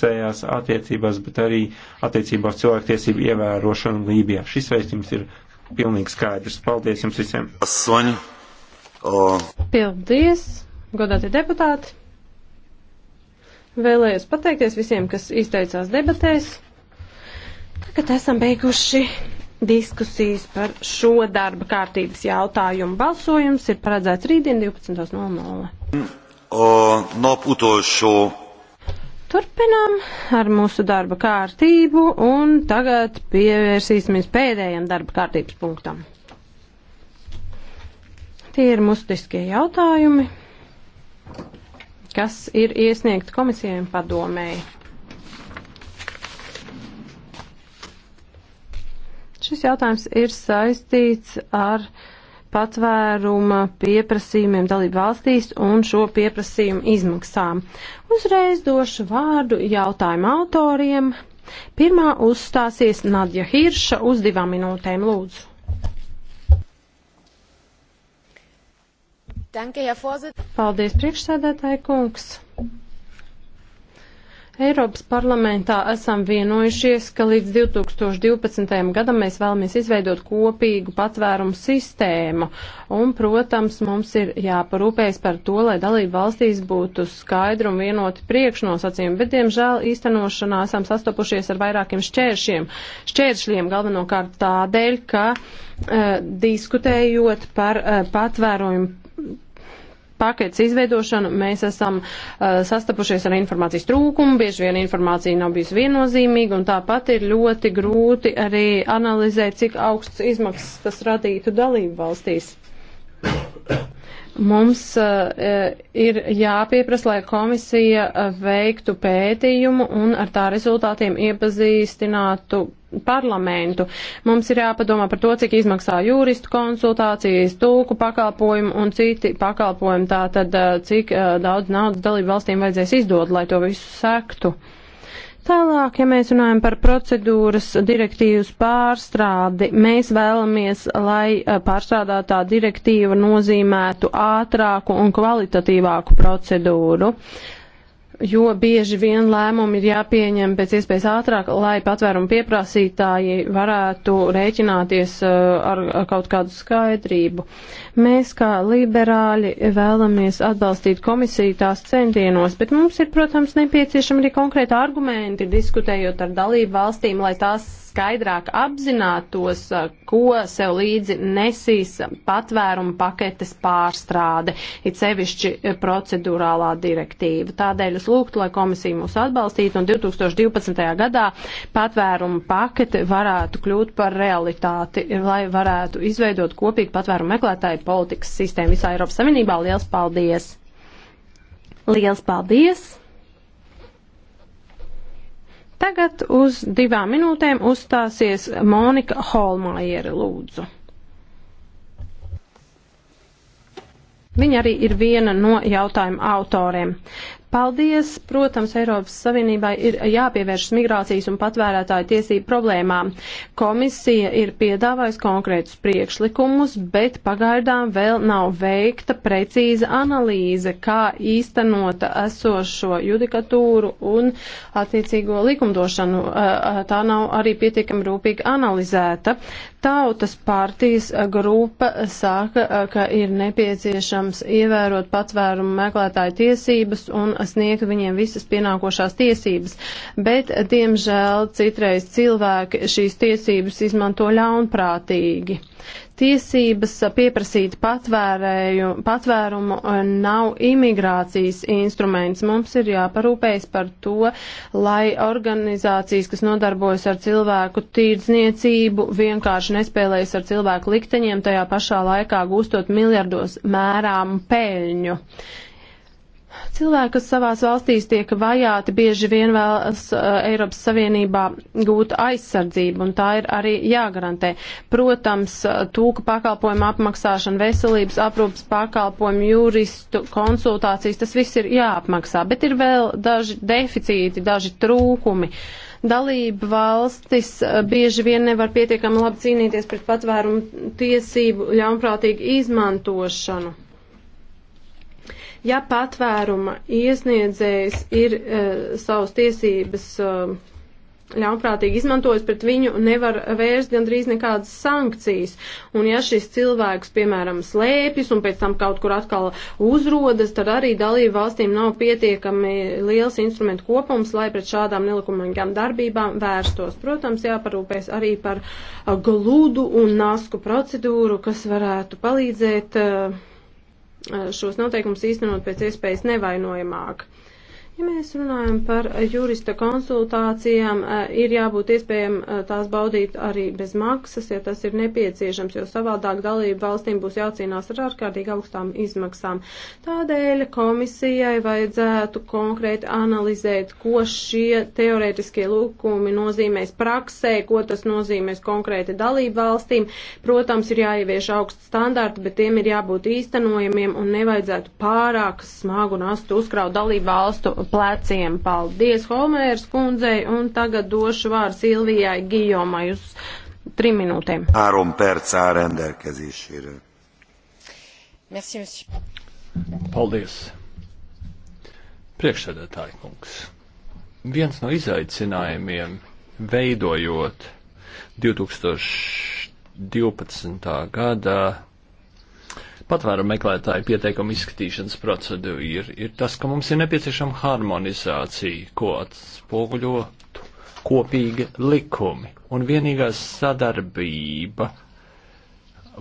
divpusējās attiecībās, bet arī attiecībā uz cilvēktiesību ievērošanu Lībijā. Šis veistījums ir pilnīgi skaidrs. Paldies jums visiem! Asoņi. Oh. Paldies, godātie deputāti! Vēlējos pateikties visiem, kas izteicās debatēs. Tagad esam beiguši diskusijas par šo darba kārtības jautājumu. Balsojums ir paredzēts rītdien 12.00. Nap utolsó Turpinām ar mūsu darba kārtību un tagad pievērsīsimies pēdējiem darba kārtības punktam. Tie ir mustiskie jautājumi, kas ir iesniegti komisijai un padomēji. Šis jautājums ir saistīts ar uh, patvēruma pieprasījumiem dalību valstīs un šo pieprasījumu izmaksām. Uzreiz došu vārdu jautājumu autoriem. Pirmā uzstāsies Nadja Hirša uz divām minūtēm lūdzu. Paldies, priekšsēdētāji kungs! Eiropas parlamentā esam vienojušies, ka līdz 2012. gadam mēs vēlamies izveidot kopīgu patvērumu sistēmu. Un, protams, mums ir jāparūpējas par to, lai dalību valstīs būtu skaidri un vienoti priekšnosacījumi, bet, diemžēl, īstenošanā esam sastopušies ar vairākiem šķēršiem. Šķēršļiem galvenokārt tādēļ, ka uh, diskutējot par uh, patvērumu paketes izveidošanu mēs esam uh, sastapušies ar informācijas trūkumu, bieži vien informācija nav bijusi viennozīmīga, un tāpat ir ļoti grūti arī analizēt, cik augsts izmaksas tas radītu dalību valstīs. Mums uh, ir jāpieprasa, lai komisija eh, veiktu pētījumu un ar tā rezultātiem iepazīstinātu parlamentu. Mums ir jāpadomā par to, cik izmaksā juristu konsultācijas, tulku pakalpojumu un citi pakalpojumi, tātad cik uh, daudz naudas dalību valstīm vajadzēs izdot, lai to visu sektu. Uh, Tālāk, ja mēs runājam par procedūras direktīvas pārstrādi, mēs vēlamies, lai eh, pārstrādātā direktīva nozīmētu ātrāku un kvalitatīvāku procedūru jo bieži vien lēmumi ir jāpieņem pēc iespējas ātrāk, lai patvērumu pieprasītāji varētu rēķināties eh, ar, ar kaut kādu skaidrību. Mēs kā liberāļi vēlamies atbalstīt komisiju tās centienos, bet mums ir, protams, nepieciešami arī konkrēti argumenti, diskutējot ar dalību valstīm, lai tās skaidrāk apzinātos, ko sev līdzi nesīs patvērumu paketes pārstrāde, it sevišķi e, procedurālā direktīva. Tādēļ es lūgtu, lai komisija mūs atbalstītu un 2012. gadā patvērumu pakete varētu kļūt par realitāti, lai varētu izveidot kopīgu patvērumu meklētāju politikas sistēmu visā Eiropas Savienībā. Liels paldies! Liels paldies! Tagad uz divām minūtēm uzstāsies Monika Holmājere lūdzu. Viņa arī ir viena no jautājuma autoriem. Paldies! Protams, Eiropas Savienībai ir jāpievēršas migrācijas un patvērētāju tiesību problēmām. Komisija ir piedāvājusi konkrētus priekšlikumus, bet pagaidām vēl nav veikta precīza analīze, kā īstenota esošo judikatūru un attiecīgo likumdošanu. Tā nav arī pietiekami rūpīgi analizēta. Tautas partijas grupa saka, ka ir nepieciešams ievērot patvērumu meklētāju tiesības un sniegt viņiem visas pienākošās tiesības, bet, diemžēl, citreiz cilvēki šīs tiesības izmanto ļaunprātīgi tiesības pieprasīt patvērumu eh, nav imigrācijas instruments. Mums ir jāparūpējas par to, lai organizācijas, kas nodarbojas ar cilvēku tīrdzniecību, vienkārši nespēlējas ar cilvēku likteņiem, tajā pašā laikā gūstot miljardos mērām peļņu. Cilvēki, kas savās valstīs tiek vajāti, bieži vien vēlas uh, Eiropas Savienībā gūt aizsardzību, un tā ir arī jāgarantē. Protams, tūka pakalpojumu apmaksāšana, veselības aprūpas pakalpojumu, juristu konsultācijas, tas viss ir jāapmaksā, bet ir vēl daži deficīti, daži trūkumi. Uh, dalība valstis eh, bieži vien nevar pietiekami labi cīnīties pret patvērumu tiesību ļaunprātīgu izmantošanu. Ja patvēruma iesniedzējs ir uh, savas tiesības uh, ļaunprātīgi izmantojis, pret viņu nevar vērst gandrīz nekādas sankcijas. Un ja šis cilvēks, piemēram, slēpjas un pēc tam kaut kur atkal uzrodas, tad arī dalību valstīm nav pietiekami liels instrumentu kopums, lai pret šādām nelikumīgām darbībām vērstos. Protams, jāparūpēs arī par glūdu un nasku procedūru, kas varētu palīdzēt uh, šos noteikumus īstenot pēc iespējas nevainojamāk. Ja mēs runājam par jurista konsultācijām, eh, ir jābūt iespējam eh, tās baudīt arī bez maksas, ja tas ir nepieciešams, jo savādāk dalību valstīm būs jācīnās ar ārkārtīgi augstām izmaksām. Tādēļ komisijai vajadzētu konkrēti analizēt, ko šie teoretiskie lūkumi nozīmēs praksē, ko tas nozīmēs konkrēti dalību valstīm. Protams, ir jāievieš augsts standarti, bet tiem ir jābūt īstenojamiem un nevajadzētu pārāk smagu nastu uzkraut dalību valstu pleciem. Paldies Holmēras kundzei un tagad došu vārdu Silvijai Gijomai uz trim minūtēm. Három perc áll rendelkezésére. Merci, monsieur. Paldies. Priekšsēdētāji kungs. Viens no izaicinājumiem veidojot 2012. gadā patvērumu meklētāju pieteikumu izskatīšanas procedūra ir, ir tas, ka mums ir nepieciešama harmonizācija, ko atspoguļo kopīgi likumi. Un vienīgā sadarbība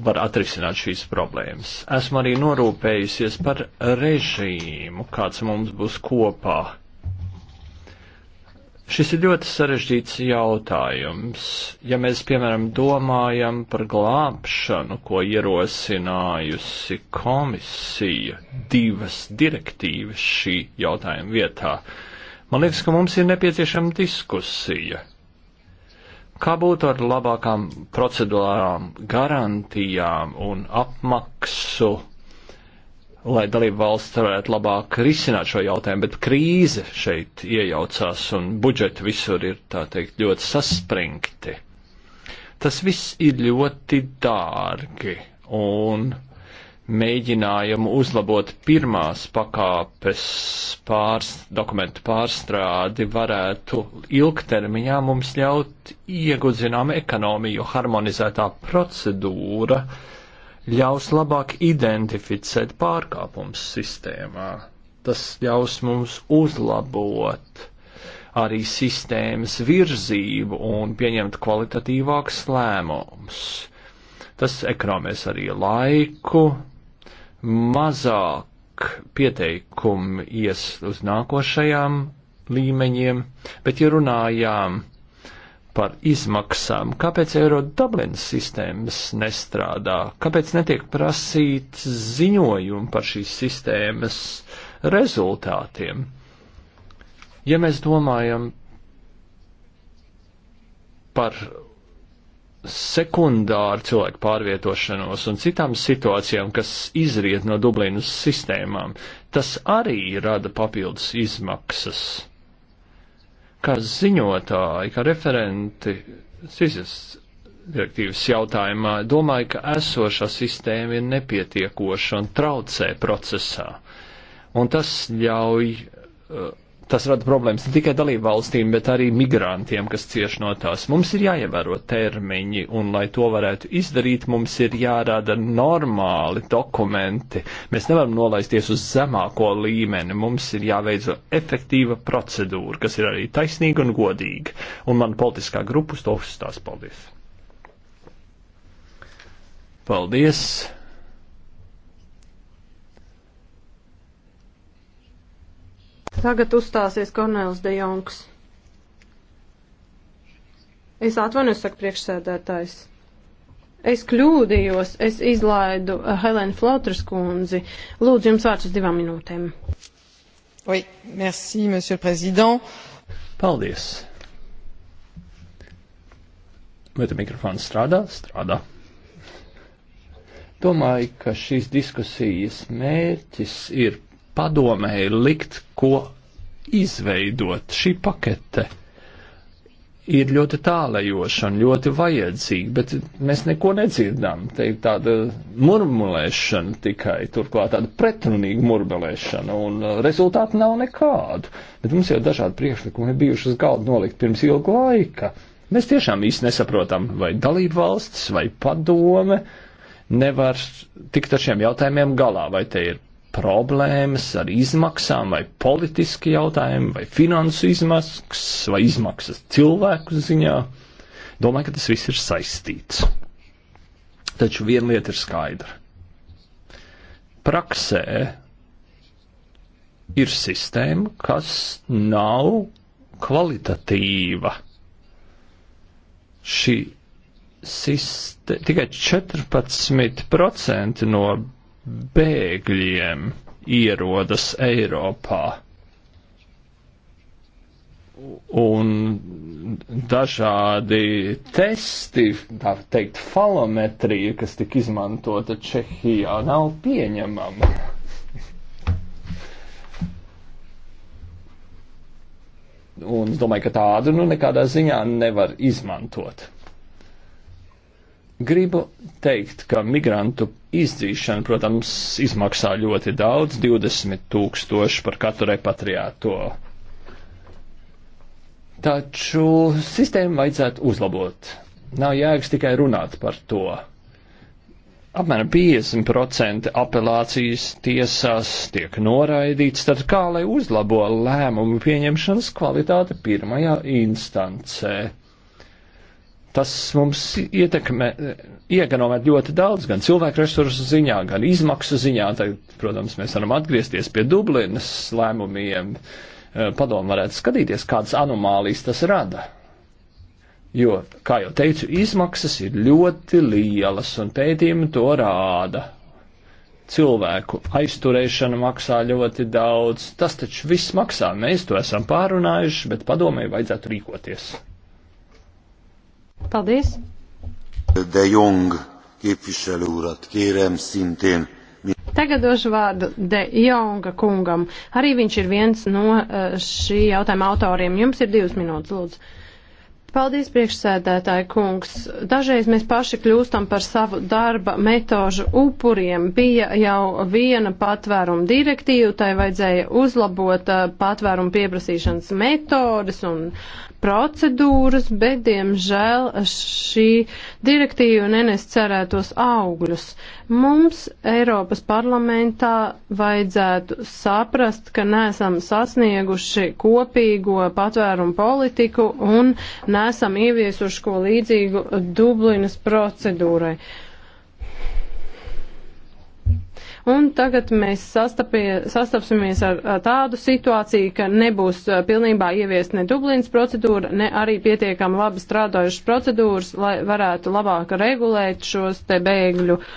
var atrisināt šīs problēmas. Esmu arī norūpējusies par režīmu, kāds mums būs kopā Šis ir ļoti sarežģīts jautājums. Ja mēs, piemēram, domājam par glābšanu, ko ierosinājusi komisija divas direktīvas šī jautājuma vietā, man liekas, ka mums ir nepieciešama diskusija. Kā būtu ar labākām procedūrām, garantijām un apmaksu lai dalību valsts varētu labāk risināt šo jautājumu, bet krīze šeit iejaucās un budžeti visur ir, tā teikt, ļoti saspringti. Tas viss ir ļoti dārgi un mēģinājumu uzlabot pirmās pakāpes pārs, dokumentu pārstrādi varētu ilgtermiņā mums ļaut iegūt zinām ekonomiju harmonizētā procedūra, uh, ļaus labāk identificēt pārkāpums sistēmā. Tas ļaus mums uzlabot arī sistēmas virzību un pieņemt kvalitatīvākus lēmumus. Tas ekrāmēs arī laiku, mazāk pieteikumi ies uz nākošajām līmeņiem, bet ja runājām par izmaksām, kāpēc eiro Dublinas sistēmas nestrādā, kāpēc netiek prasīt ziņojumi par šīs sistēmas rezultātiem. Ja mēs domājam par sekundāru cilvēku pārvietošanos un citām situācijām, kas izriet no Dublinas sistēmām, tas arī rada papildus izmaksas kā ziņotāji, kā referenti CISIS direktīvas jautājumā, domāju, ka esošā sistēma ir nepietiekoša un traucē procesā. Un tas ļauj uh, tas rada problēmas ne tikai dalību valstīm, bet arī migrantiem, kas cieš no tās. Mums ir jāievēro termiņi, un lai to varētu izdarīt, mums ir jārada normāli dokumenti. Mēs nevaram nolaisties uz zemāko līmeni. Mums ir jāveido efektīva procedūra, kas ir arī taisnīga un godīga. Un man politiskā grupa uz to uzstās. Paldies! Paldies! Tagad uzstāsies Kornēls de Jongs. Es atvainojos, saka priekšsēdētājs. Es kļūdījos, es izlaidu eh, Helēnu Flotras kundzi. Lūdzu, jums vārds uz divām minūtēm. Oui, merci, monsieur le président. Paldies. Vai te mikrofons strādā? Strādā. Domāju, ka šīs diskusijas mērķis ir padomēji likt, ko izveidot šī pakete. Ir ļoti tālajoša un ļoti vajadzīga, bet mēs neko nedzirdām. Te ir tāda murmulēšana tikai, turklāt tāda pretrunīga murmulēšana, un uh, rezultāti nav nekādu. Bet mums jau dažādi priekšlikumi ir bijuši uz galda nolikt pirms ilga laika. Mēs tiešām īsti nesaprotam, vai dalība valsts vai padome nevar tikt ar šiem jautājumiem galā, vai te ir problēmas ar izmaksām, vai politiski jautājumi, vai finansu izmaksas, vai izmaksas cilvēku ziņā. Domāju, ka tas viss ir saistīts. Taču viena lieta ir skaidra. Praksē ir sistēma, kas nav kvalitatīva. Šī sistēma tikai 14% no bēgļiem ierodas Eiropā. Un dažādi testi, tā teikt, falometrija, kas tika izmantota Čehijā, nav pieņemama. Un es domāju, ka tādu nu nekādā ziņā nevar izmantot. Gribu teikt, ka migrantu izdzīšana, protams, izmaksā ļoti daudz - 20 tūkstoši par katru repatriēto. Taču sistēmu vajadzētu uzlabot. Nav jēgas tikai runāt par to. Apmēram 50% apelācijas tiesās tiek noraidīts, tad kā lai uzlabo lēmumu pieņemšanas kvalitāti pirmajā instancē? Tas mums ietekmē, ieganomē ļoti daudz, gan cilvēku resursu ziņā, gan izmaksu ziņā. Tagad, protams, mēs varam atgriezties pie Dublinas lēmumiem. Eh, padomu varētu skatīties, kādas anomālijas tas rada. Jo, kā jau teicu, izmaksas ir ļoti lielas, un pētījumi to rāda. Cilvēku aizturēšana maksā ļoti daudz. Tas taču viss maksā. Mēs to esam pārunājuši, bet padomēji vajadzētu rīkoties. Paldies! De Jong képviselő urat kérem szintén. Tagad došu vārdu De Jonga kungam. Arī viņš ir viens no eh, šī jautājuma autoriem. Jums ir divas minūtes, lūdzu. Paldies, priekšsēdētāji kungs. Dažreiz mēs paši kļūstam par savu darba metožu upuriem. Bija jau viena patvēruma direktīva, tai vajadzēja uzlabot eh, patvēruma pieprasīšanas metodas un procedūras, bet, diemžēl, šī direktīva nenes cerētos augļus. Mums Eiropas parlamentā vajadzētu saprast, ka neesam sasnieguši kopīgo patvērumu politiku un ne nesam ieviesuši ko līdzīgu Dublinas procedūrai. Un tagad mēs sastapsimies ar, ar tādu situāciju, ka nebūs pilnībā ieviest ne Dublīnas procedūra, ne arī pietiekami labi strādājušas procedūras, lai varētu labāk regulēt šos te bēgļu uh,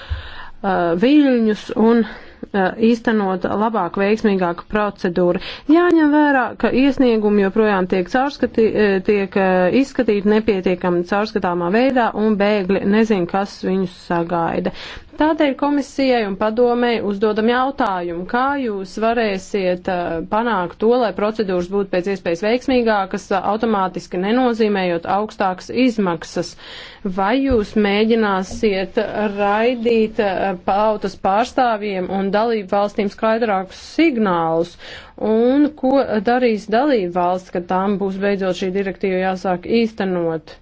viļņus un uh, Eh, īstenot labāk, veiksmīgāk procedūru. Jāņem vērā, ka iesniegumi joprojām tiek, caurskatī, eh, tiek eh, izskatīti nepietiekami caurskatāmā veidā un bēgļi nezin, kas viņus sagaida. Tādēļ komisijai un padomēji uzdodam jautājumu, kā jūs varēsiet uh, panākt to, lai procedūras būtu pēc iespējas veiksmīgākas, uh, automātiski nenozīmējot augstākas izmaksas. Vai jūs mēģināsiet raidīt uh, pautas pārstāvjiem un dalību valstīm skaidrākus signālus? Un ko darīs dalību valsts, kad tām būs beidzot šī direktīva jāsāk īstenot?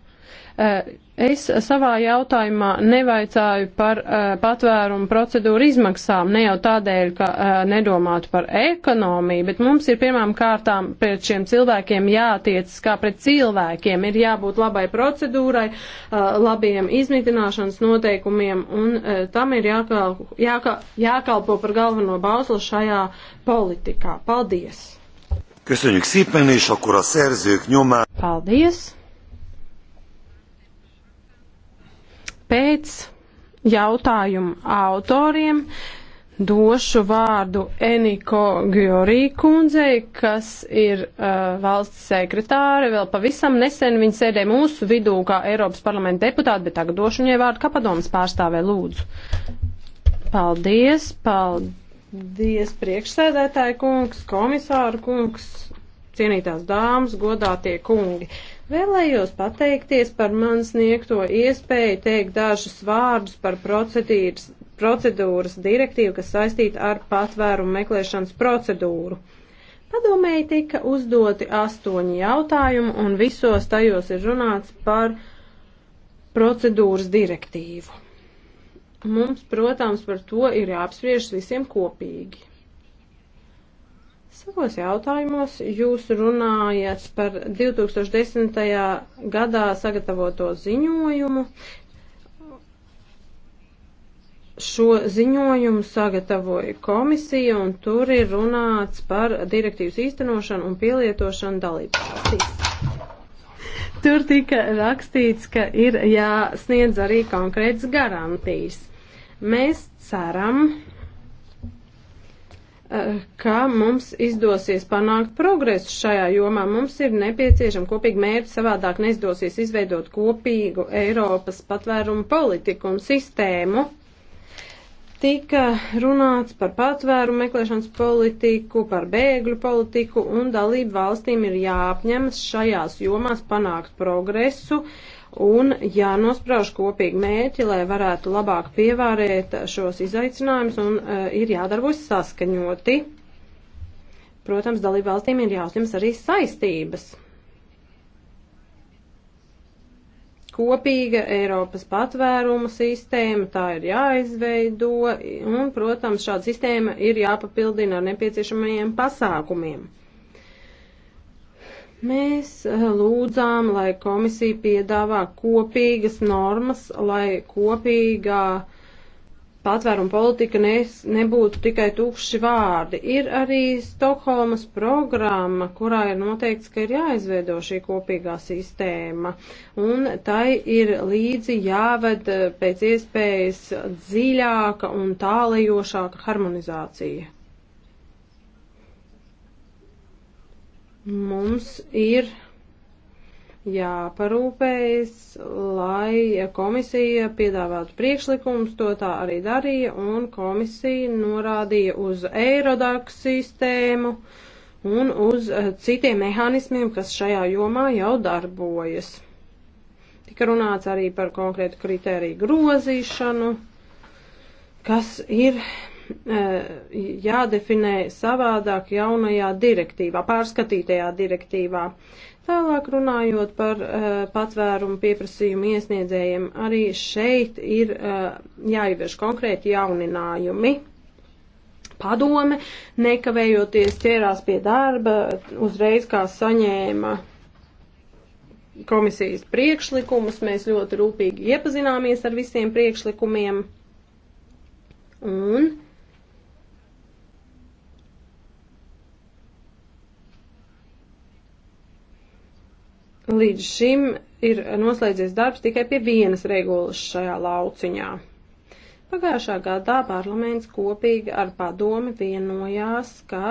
Es savā jautājumā nevaicāju par uh, patvērumu procedūru izmaksām, ne jau tādēļ, ka uh, nedomātu par ekonomiju, bet mums ir pirmām kārtām pret šiem cilvēkiem jātiec kā pret cilvēkiem. Ir jābūt labai procedūrai, uh, labiem izmitināšanas noteikumiem, un uh, tam ir jākalpo, jāka, jākalpo par galveno bauslu šajā politikā. Paldies! Köszönjük szépen, és akkor a szerzők nyomán. Paldies! pēc jautājumu autoriem došu vārdu Eniko Gjorī kundzei, kas ir uh, valsts sekretāre. Vēl pavisam nesen viņa sēdēja mūsu vidū kā Eiropas parlamenta deputāta, bet tagad došu viņai vārdu kā padomas pārstāvē lūdzu. Paldies, paldies priekšsēdētāji kungs, komisāru kungs, cienītās dāmas, godātie kungi. Vēlējos pateikties par man sniegto iespēju teikt dažus vārdus par procedūras, procedūras direktīvu, kas saistīta ar patvērumu meklēšanas procedūru. Padomēji tika uzdoti astoņi jautājumi, un visos tajos ir runāts par procedūras direktīvu. Mums, protams, par to ir jāapspriež visiem kopīgi. Savos jautājumos jūs runājat par 2010. gadā sagatavoto ziņojumu. Šo ziņojumu sagatavoja komisija, un tur ir runāts par direktīvas īstenošanu un pielietošanu dalību valstīs. Tur tika rakstīts, ka ir jāsniedz arī konkrētas garantijas. Mēs ceram, Eh, ka mums izdosies panākt progresu šajā jomā. Mums ir nepieciešama kopīga mērķa, savādāk neizdosies izveidot kopīgu Eiropas patvērumu politiku un sistēmu. Tika runāts par patvērumu meklēšanas politiku, par bēgļu politiku un dalību valstīm ir jāapņemas šajās jomās panākt progresu. Uh, un jānosprauž kopīgi mērķi, lai varētu labāk pievārēt šos izaicinājumus un uh, ir jādarbojas saskaņoti. Protams, dalībvalstīm ir jāuzņems arī saistības. kopīga Eiropas patvērumu sistēma, tā ir jāizveido, un, protams, šāda sistēma ir jāpapildina ar nepieciešamajiem pasākumiem. Mēs eh, lūdzām, lai komisija piedāvā kopīgas normas, lai kopīgā patvēruma politika nes, nebūtu tikai tukši vārdi. Ir arī Stokholmas programma, kurā ir noteikts, ka ir jāizveido šī kopīgā sistēma, un tai ir līdzi jāved eh, pēc iespējas dziļāka un tālajošāka harmonizācija. Mums ir jāparūpējas, lai komisija piedāvātu priekšlikumus, to tā arī darīja, un komisija norādīja uz Eirodaku sistēmu un uz eh, citiem mehānismiem, kas šajā jomā jau darbojas. Tika runāts arī par konkrētu kritēriju grozīšanu, kas ir Eh, jādefinē savādāk jaunajā direktīvā, pārskatītajā direktīvā. Tālāk runājot par uh, patvērumu pieprasījumu iesniedzējiem, arī šeit ir uh, jāievieš konkrēti jauninājumi. Padome, nekavējoties ķērās pie darba, uzreiz kā saņēma komisijas priekšlikumus, mēs ļoti rūpīgi iepazināmies ar visiem priekšlikumiem. Un uh, Līdz šim ir noslēdzies darbs tikai pie vienas regulas šajā lauciņā. Pagājušā gadā parlaments kopīgi ar padomi vienojās, ka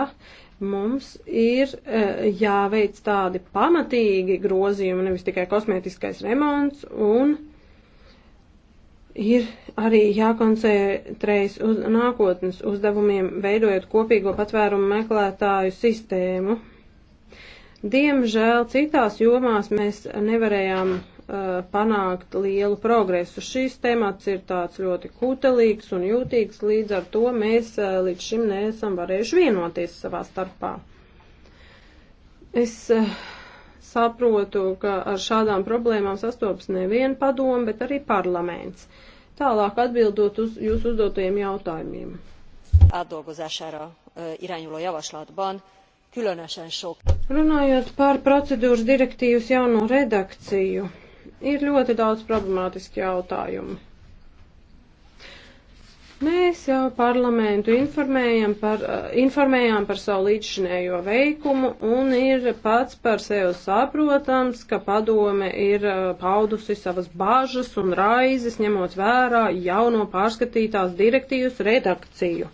mums ir e, jāveic tādi pamatīgi grozījumi, nevis tikai kosmētiskais remonts, un ir arī jākoncentrējas uz nākotnes uzdevumiem, veidojot kopīgo patvērumu meklētāju sistēmu. Diemžēl citās jomās mēs nevarējām uh, panākt lielu progresu. Šis temats ir tāds ļoti kutelīgs un jūtīgs, līdz ar to mēs uh, līdz šim neesam varējuši vienoties savā starpā. Es uh, saprotu, ka ar šādām problēmām sastopas nevien padomu, bet arī parlaments. Tālāk atbildot uz jūsu uzdotajiem jautājumiem. Átdolgozására uh, irányuló javaslatban különösen sok. Runājot par procedūras direktīvas jauno redakciju, ir ļoti daudz problemātiski jautājumi. Mēs jau parlamentu informējam par, eh, informējām par savu līdzšinējo veikumu un ir pats par sevi saprotams, ka padome ir eh, paudusi savas bāžas un raizes, ņemot vērā jauno pārskatītās direktīvas redakciju.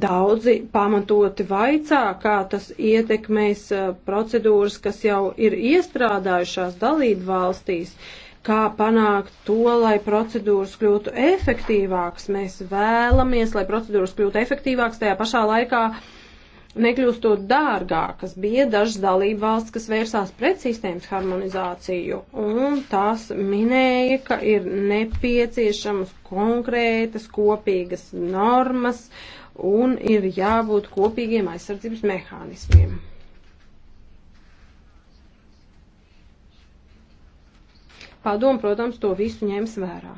Daudzi pamatoti vaicā, kā tas ietekmēs uh, procedūras, kas jau ir iestrādājušās dalību valstīs kā panākt to, lai procedūras kļūtu efektīvākas. Mēs vēlamies, lai procedūras kļūtu efektīvākas, tajā pašā laikā nekļūstot dārgākas. Bija dažas dalība valsts, kas vērsās pret sistēmas harmonizāciju, un tās minēja, ka ir nepieciešamas konkrētas kopīgas normas, uh, un ir jābūt kopīgiem aizsardzības mehānismiem. Padom, protams, to visu ņems vērā.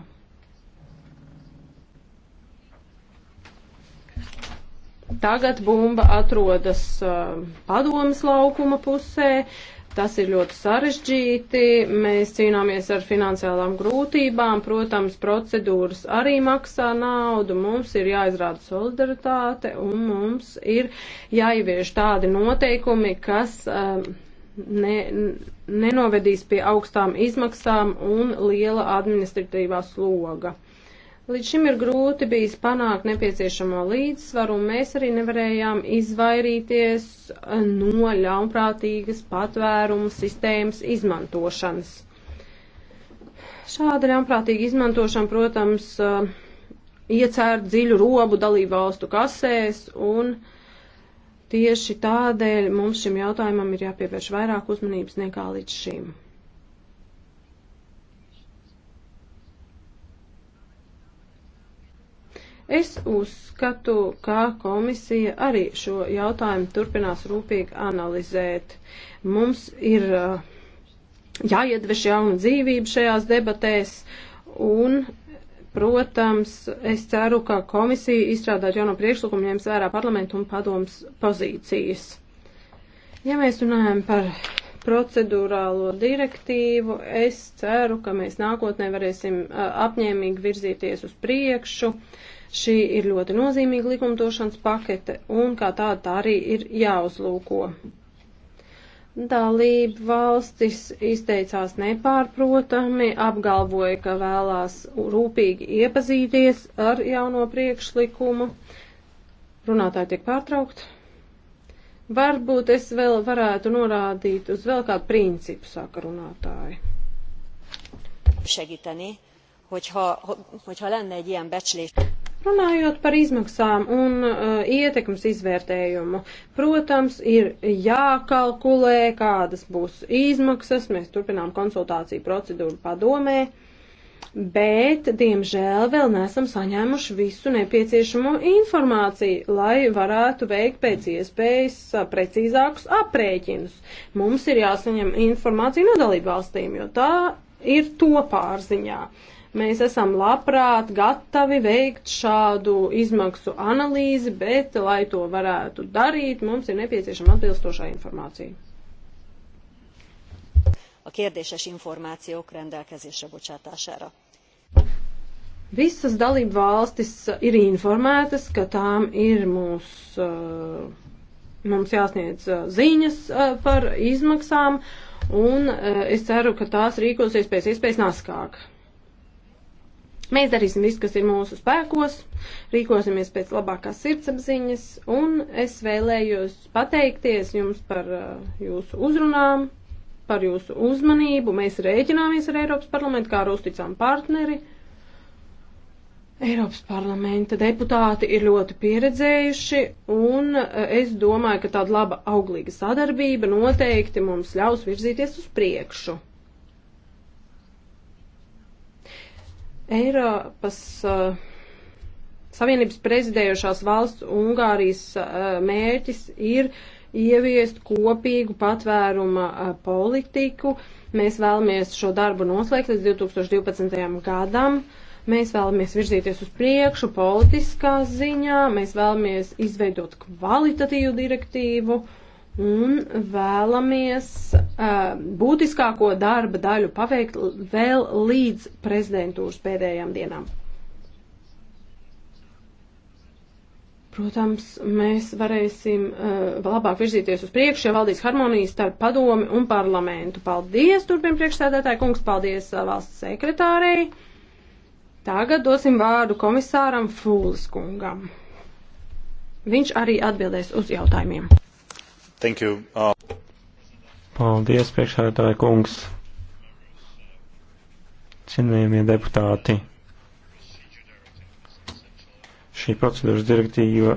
Tagad bumba atrodas uh, padomas laukuma pusē. Uh, Tas ir ļoti sarežģīti, mēs cīnāmies ar finansiālām grūtībām, protams, procedūras arī maksā naudu, mums ir jāizrāda solidaritāte un mums ir jāievieš tādi noteikumi, kas um, ne, nenovedīs pie augstām izmaksām un liela administratīvā sloga. Līdz šim ir grūti bijis panākt nepieciešamo līdzsvaru, un mēs arī nevarējām izvairīties no ļaunprātīgas patvērumu sistēmas izmantošanas. Šāda ļaunprātīga izmantošana, protams, uh, iecērt dziļu robu dalību valstu kasēs, un tieši tādēļ mums šim jautājumam ir jāpievērš vairāk uzmanības nekā līdz šim. Es uzskatu, ka komisija arī šo jautājumu turpinās rūpīgi analizēt. Mums ir uh, jāiedveš jauna dzīvība šajās debatēs un, protams, es ceru, ka komisija izstrādāt jauno priekšlikumu ņems vērā parlamentu un padomas pozīcijas. Ja mēs runājam par procedūrālo direktīvu. Es ceru, ka mēs nākotnē varēsim uh, apņēmīgi virzīties uz priekšu. Uh, Šī ir ļoti nozīmīga likumdošanas pakete un kā tāda tā arī ir jāuzlūko. Dalība valstis izteicās nepārprotami, apgalvoja, ka vēlās rūpīgi iepazīties ar jauno priekšlikumu. Runātāji tiek pārtraukti. Varbūt es vēl varētu norādīt uz vēl kādu principu, saka runātāji. Segíteni, hogyha, hogyha lenne egy ilyen becslés. Runājot par izmaksām un uh, ietekmes izvērtējumu, protams, ir jākalkulē, kādas būs izmaksas, mēs turpinām konsultāciju procedūru padomē, bet, diemžēl, vēl nesam saņēmuši visu nepieciešamo informāciju, lai varētu veikt pēc iespējas eh, precīzākus aprēķinus. Mums ir jāsaņem informācija no dalību valstīm, jo tā ir to pārziņā. Uh, Mēs esam labprāt gatavi veikt šādu izmaksu analīzi, bet, lai to varētu darīt, mums ir nepieciešama atbilstošā informācija. A kérdéses információk rendelkezésre bocsátására. Visas dalību valstis ir informētas, ka tām ir mūs, eh, mums jāsniedz eh, ziņas eh, par izmaksām, un es ceru, ka tās rīkosies pēc iespējas naskāk. Mēs darīsim visu, kas ir mūsu spēkos, rīkosimies pēc labākās sirdsapziņas, un es vēlējos pateikties jums par uh, jūsu uzrunām, par jūsu uzmanību. Mēs rēķināmies ar Eiropas parlamentu kā ar uzticām partneri. Eiropas parlamenta deputāti ir ļoti pieredzējuši, un uh, es domāju, ka tāda laba auglīga sadarbība noteikti mums ļaus virzīties uz priekšu. Eiropas uh, Savienības prezidējošās valsts Ungārijas eh, mērķis ir ieviest kopīgu patvēruma eh, politiku. Mēs vēlamies šo darbu noslēgt līdz 2012. gadam. Mēs vēlamies virzīties uz priekšu politiskā ziņā, mēs vēlamies izveidot kvalitatīvu direktīvu. Uh, un vēlamies uh, būtiskāko darba daļu paveikt vēl līdz prezidentūras pēdējām dienām. Protams, mēs varēsim uh, labāk virzīties uz priekšu, ja valdīs harmonijas starp padomi un parlamentu. Paldies, turpin priekšstādātāji kungs, paldies uh, valsts sekretārei. Tagad dosim vārdu komisāram Fūlis kungam. Viņš arī atbildēs uz jautājumiem. Thank you. Uh... Paldies, priekšsēdētāji kungs. Cienījamie deputāti. Šī procedūras direktīva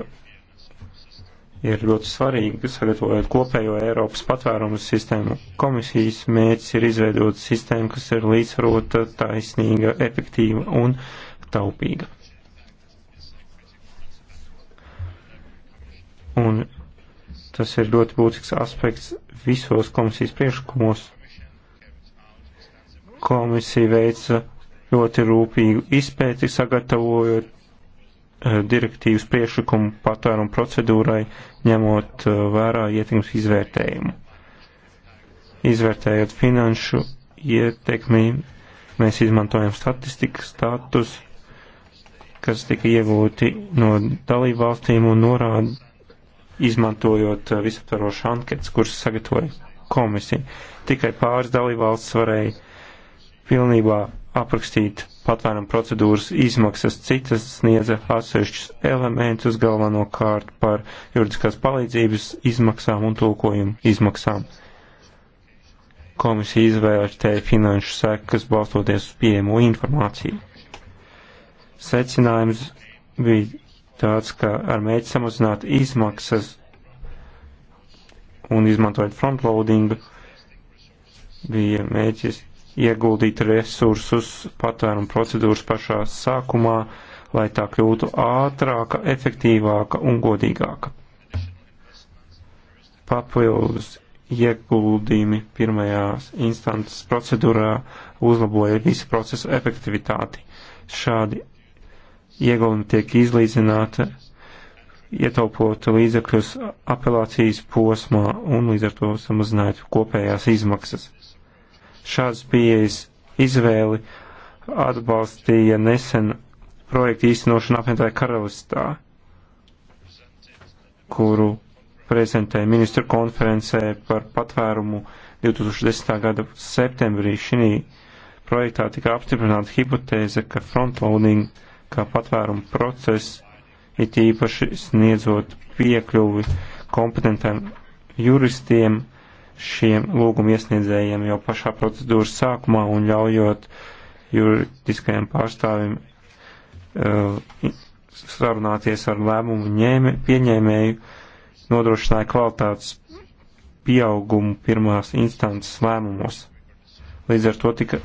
ir ļoti svarīga, sagatavojot kopējo Eiropas patvērumu sistēmu. Komisijas mērķis ir izveidot sistēmu, kas ir līdzsvarota, taisnīga, efektīva un taupīga. Un Tas ir ļoti būtisks aspekts visos komisijas priekšlikumos. Komisija veica ļoti rūpīgu izpēti, sagatavojot eh, direktīvas priekšlikumu patvērumu procedūrai, ņemot eh, vērā ietekmes izvērtējumu. Izvērtējot finanšu ietekmi, mēs izmantojam statistikas status, kas tika iegūti no dalībvalstīm un norāda, izmantojot uh, visaptvarošu anketas, kuras sagatavoja komisija. Tikai pāris dalībvalsts varēja pilnībā aprakstīt patvērumu procedūras izmaksas, citas sniedza atsevišķus elementus galvenokārt par juridiskās palīdzības izmaksām un tulkojumu izmaksām. Komisija izvērtēja finanšu sekas balstoties uz pieejamo informāciju. Secinājums bija tāds, ka ar mēģi samazināt izmaksas un izmantojot frontloadingu bija mēģis ieguldīt resursus patvērumu procedūras pašā sākumā, lai tā kļūtu ātrāka, efektīvāka un godīgāka. Papildus ieguldījumi pirmajās instances procedūrā uzlaboja visu procesu efektivitāti. Šādi ieguvumi tiek izlīdzināti, ietaupot līdzekļus apelācijas posmā un līdz ar to samazināt kopējās izmaksas. Šāds pieejas izvēli atbalstīja nesen projektu īstenošanu apvienotāju karalistā, kuru prezentēja ministru konferencē par patvērumu 2010. gada septembrī. Šī projektā tika apstiprināta hipotēze, ka frontloading kā patvērumu process, it īpaši sniedzot piekļuvi kompetentiem juristiem šiem lūgumu iesniedzējiem jau pašā procedūras sākumā un ļaujot juridiskajiem pārstāvim uh, sarunāties ar lēmumu ņēme, pieņēmēju, nodrošināja kvalitātes pieaugumu pirmās instances lēmumos. Līdz ar to tika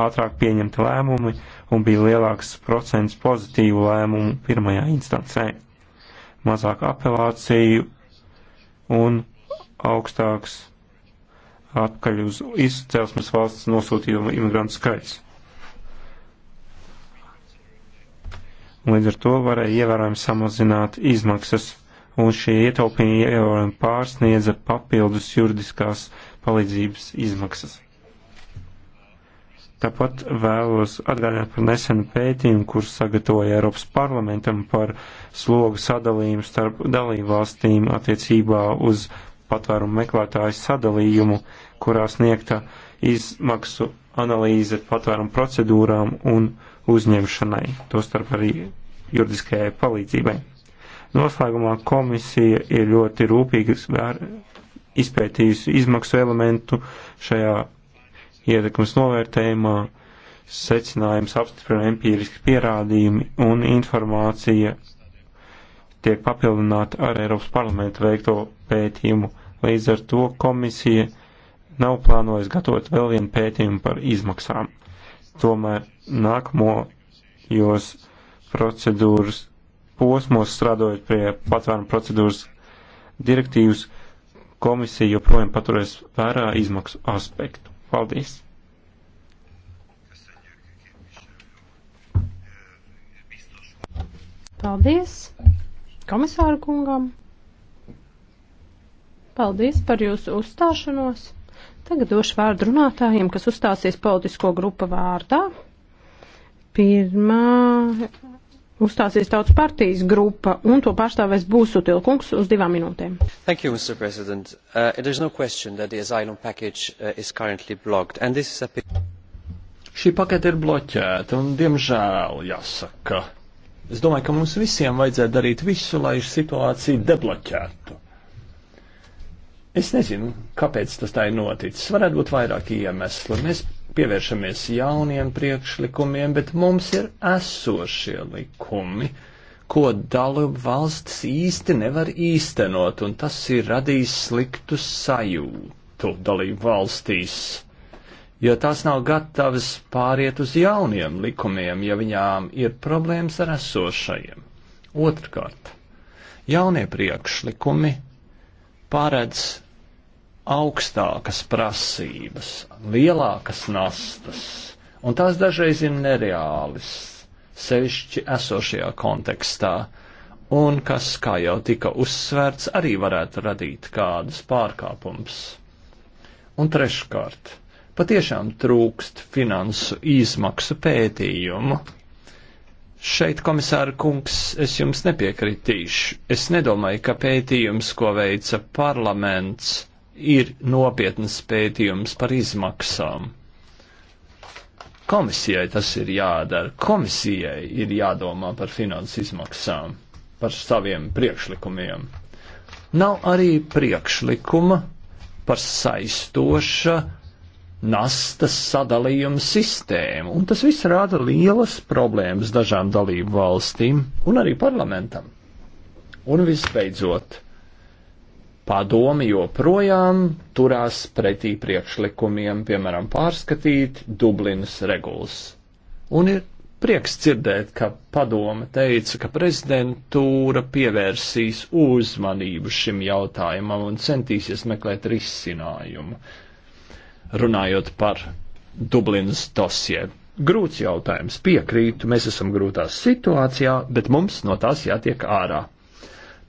ātrāk pieņemti lēmumi un bija lielāks procents pozitīvu lēmumu pirmajā instancē, mazāk apelāciju un augstāks atpakaļ uz izcelsmes valsts nosūtījumu imigrantu skaits. Un līdz ar to varēja ievērojami samazināt izmaksas, un šie ietaupījumi ievērojami pārsniedza papildus juridiskās palīdzības izmaksas. Tāpat vēlos atgādināt par nesenu pētījumu, kur sagatavoja Eiropas parlamentam par slogu sadalījumu starp dalībvalstīm attiecībā uz patvērumu meklētāju sadalījumu, kurā sniegta izmaksu analīze patvērumu procedūrām un uzņemšanai, tostarp arī juridiskajai palīdzībai. Noslēgumā komisija ir ļoti rūpīgi izpētījusi izmaksu elementu šajā ietekmes novērtējumā secinājums apstiprina empīriski pierādījumi un informācija tiek papildināta ar Eiropas parlamentu veikto pētījumu. Līdz ar to komisija nav plānojas gatavot vēl vienu pētījumu par izmaksām. Tomēr nākamo jūs procedūras posmos strādājot pie patvērumu procedūras direktīvas, komisija joprojām paturēs vērā izmaksu aspektu. Paldies! Paldies komisāru kungam! Paldies par jūsu uzstāšanos! Tagad došu vārdu runātājiem, kas uzstāsies politisko grupu vārdā. Pirmā uzstāsies tautas partijas grupa un to pārstāvēs Būsutilkungs uz divām minūtēm. Thank you, Mr. President. Uh, there's no question that the asylum package uh, is currently blocked and this is a Šī pakete ir bloķēta un, diemžēl, jāsaka, es domāju, ka mums visiem vajadzētu darīt visu, lai situāciju debloķētu. Es nezinu, kāpēc tas tā ir noticis. Varētu būt vairāki iemesli. Mēs pievēršamies jauniem priekšlikumiem, bet mums ir esošie likumi, ko dalību valstis īsti nevar īstenot, un tas ir radījis sliktu sajūtu dalību valstīs, jo tās nav gatavas pāriet uz jauniem likumiem, ja viņām ir problēmas ar esošajiem. Otrkārt, jaunie priekšlikumi paredz augstākas prasības, lielākas nastas, un tās dažreiz ir nereālis, sevišķi esošajā kontekstā, un kas, kā jau tika uzsvērts, arī varētu radīt kādus pārkāpumus. Un treškārt, patiešām trūkst finansu izmaksu pētījumu. Šeit, komisāra kungs, es jums nepiekritīšu. Es nedomāju, ka pētījums, ko veica parlaments, ir nopietnas pētījums par izmaksām. Komisijai tas ir jādara. Komisijai ir jādomā par finanses izmaksām, par saviem priekšlikumiem. Nav arī priekšlikuma par saistoša nastas sadalījuma sistēmu, un tas viss rada lielas problēmas dažām dalību valstīm un arī parlamentam. Un visbeidzot, Padomi joprojām turās pretī priekšlikumiem, piemēram, pārskatīt Dublinas regulas. Un ir prieks dzirdēt, ka padome teica, ka prezidentūra pievērsīs uzmanību šim jautājumam un centīsies meklēt risinājumu. Runājot par Dublinas dosie. Grūts jautājums, piekrītu, mēs esam grūtā situācijā, bet mums no tās jātiek ārā.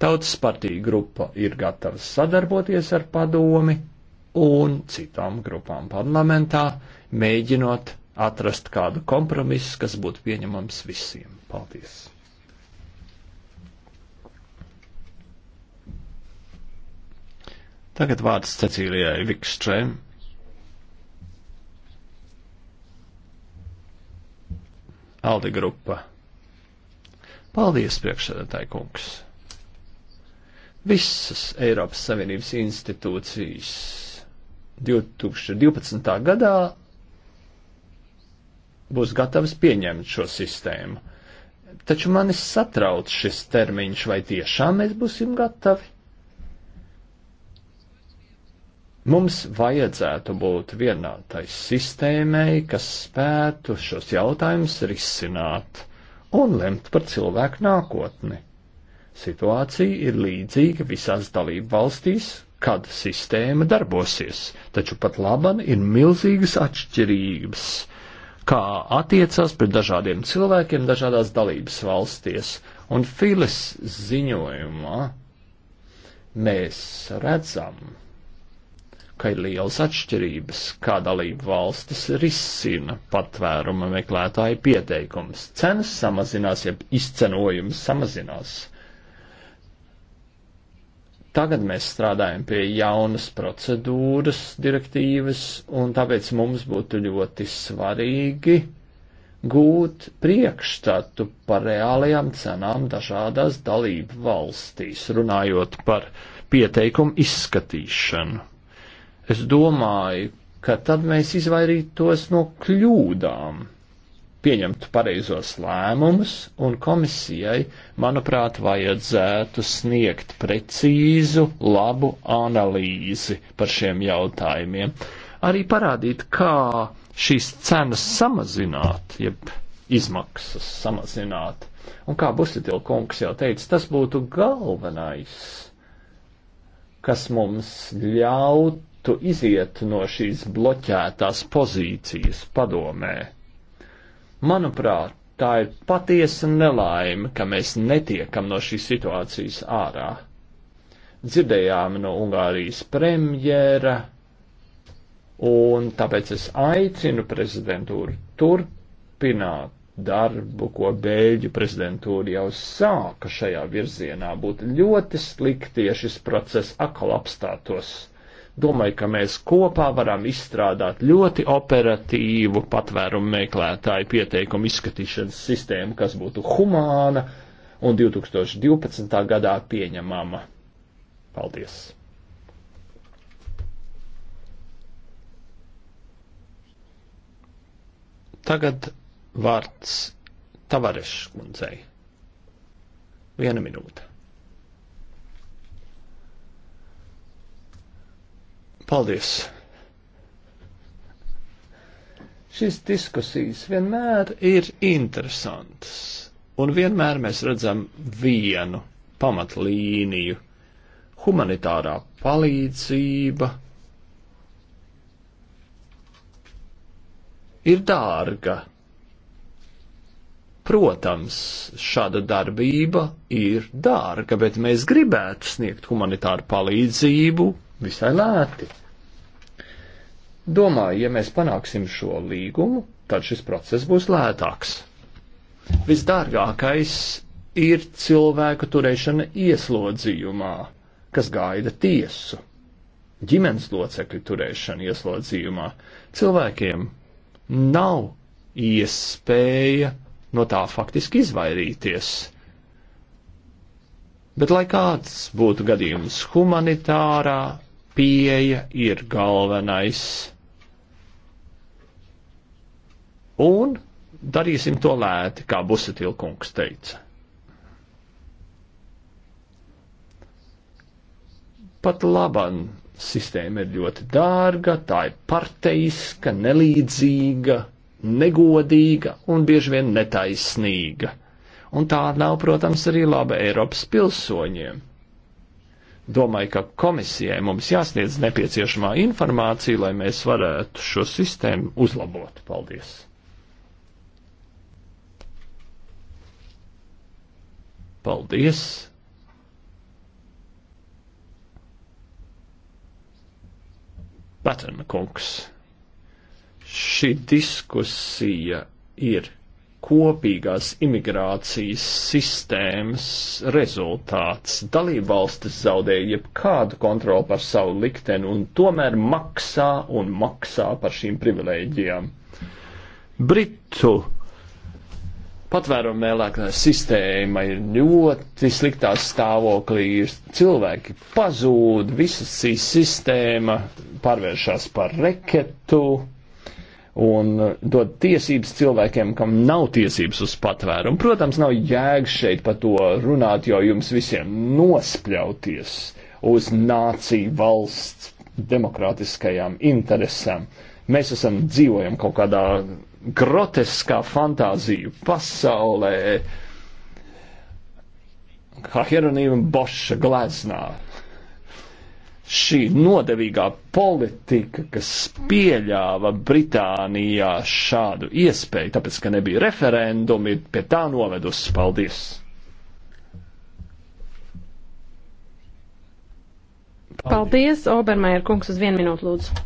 Tautas partija grupa ir gatava sadarboties ar padomi un citām grupām parlamentā, mēģinot atrast kādu kompromisu, kas būtu pieņemams visiem. Paldies! Tagad vārds Cecīlijai Vikstrēm. Aldi grupa. Paldies, priekšsēdētāji kungs! visas Eiropas Savienības institūcijas 2012. gadā būs gatavas pieņemt šo sistēmu. Taču mani satrauc šis termiņš, vai tiešām mēs būsim gatavi. Mums vajadzētu būt vienādai sistēmai, kas spētu šos jautājumus risināt un lemt par cilvēku nākotni. Situācija ir līdzīga visās dalību valstīs, kad sistēma darbosies, taču pat laban ir milzīgas atšķirības, kā attiecās pret dažādiem cilvēkiem dažādās dalības valstīs. Un Filis ziņojumā mēs redzam, ka ir liels atšķirības, kā dalību valstis risina patvēruma meklētāju pieteikums. Cenas samazinās, ja izcenojums samazinās Tagad mēs strādājam pie jaunas procedūras direktīvas, un tāpēc mums būtu ļoti svarīgi gūt priekšstatu par reālajām cenām dažādās dalību valstīs, runājot par pieteikumu izskatīšanu. Es domāju, ka tad mēs izvairītos no kļūdām, pieņemtu pareizos lēmumus, un komisijai, manuprāt, vajadzētu sniegt precīzu, labu analīzi par šiem jautājumiem. Arī parādīt, kā šīs cenas samazināt, jeb izmaksas samazināt. Un kā Busitil kungs jau teica, tas būtu galvenais, kas mums ļautu iziet no šīs bloķētās pozīcijas padomē Manuprāt, tā ir patiesa nelaime, ka mēs netiekam no šīs situācijas ārā. Dzirdējām no Ungārijas premjera, un tāpēc es aicinu prezidentūru turpināt darbu, ko Bēļu prezidentūra jau sāka šajā virzienā. Būtu ļoti slikti, ja šis process atkal apstātos. Domāju, ka mēs kopā varam izstrādāt ļoti operatīvu patvērumu meklētāju pieteikumu izskatīšanas sistēmu, kas būtu humāna un 2012. gadā pieņemama. Paldies! Tagad vārds Tavarešs kundzei. Viena minūte. Paldies! Šīs diskusijas vienmēr ir interesantas, un vienmēr mēs redzam vienu pamatlīniju - humanitārā palīdzība ir dārga. Protams, šāda darbība ir dārga, bet mēs gribētu sniegt humanitāru palīdzību visai lēti. Domāju, ja mēs panāksim šo līgumu, tad šis process būs lētāks. Visdārgākais ir cilvēku turēšana ieslodzījumā, kas gaida tiesu, ģimenes locekļu turēšana ieslodzījumā. Cilvēkiem nav iespēja no tā faktiski izvairīties. Bet lai kāds būtu gadījums, humanitārā pieeja ir galvenais Un darīsim to lēti, kā Busetilkungs teica. Pat laban sistēma ir ļoti dārga, tā ir parteiska, nelīdzīga, negodīga un bieži vien netaisnīga. Un tā nav, protams, arī laba Eiropas pilsoņiem. Domāju, ka komisijai mums jāsniedz nepieciešamā informācija, lai mēs varētu šo sistēmu uzlabot. Paldies! Paldies! Patena kungs, šī diskusija ir kopīgās imigrācijas sistēmas rezultāts. Dalībvalstis zaudēja jebkādu kontroli par savu likteni un tomēr maksā un maksā par šīm privilēģijām. Britu patvērumu mēlākā sistēma ir ļoti sliktā stāvoklī, ir cilvēki pazūd, visa šī sistēma pārvēršas par reketu un dod tiesības cilvēkiem, kam nav tiesības uz patvērumu. Protams, nav jēga šeit par to runāt, jo jums visiem nospļauties uz nāciju valsts demokrātiskajām interesēm. Mēs esam dzīvojam kaut kādā groteskā fantāziju pasaulē, kā Hieronīma Boša gleznā. Šī nodevīgā politika, kas pieļāva Britānijā šādu iespēju, tāpēc, ka nebija referendumi, pie tā novedusi. Paldies! Paldies, Obermaier kungs, uz vienu minūtu lūdzu.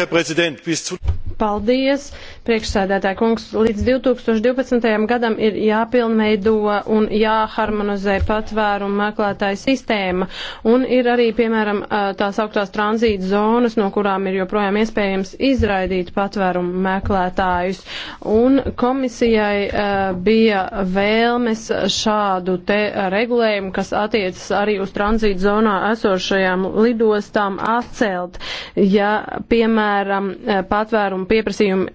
Herr Präsident, bis zu. Paldies, priekšsēdētāji kungs. Līdz 2012. gadam ir jāpilnveido un jāharmonizē patvērumu meklētāja sistēma. Un ir arī, piemēram, tās augtās tranzīta zonas, no kurām ir joprojām iespējams izraidīt patvērumu meklētājus. Un komisijai uh, bija vēlmes šādu te regulējumu, kas attiecas arī uz tranzīta zonā esošajām lidostām atcelt. Ja, piemēram, patvērumu pieprasījuma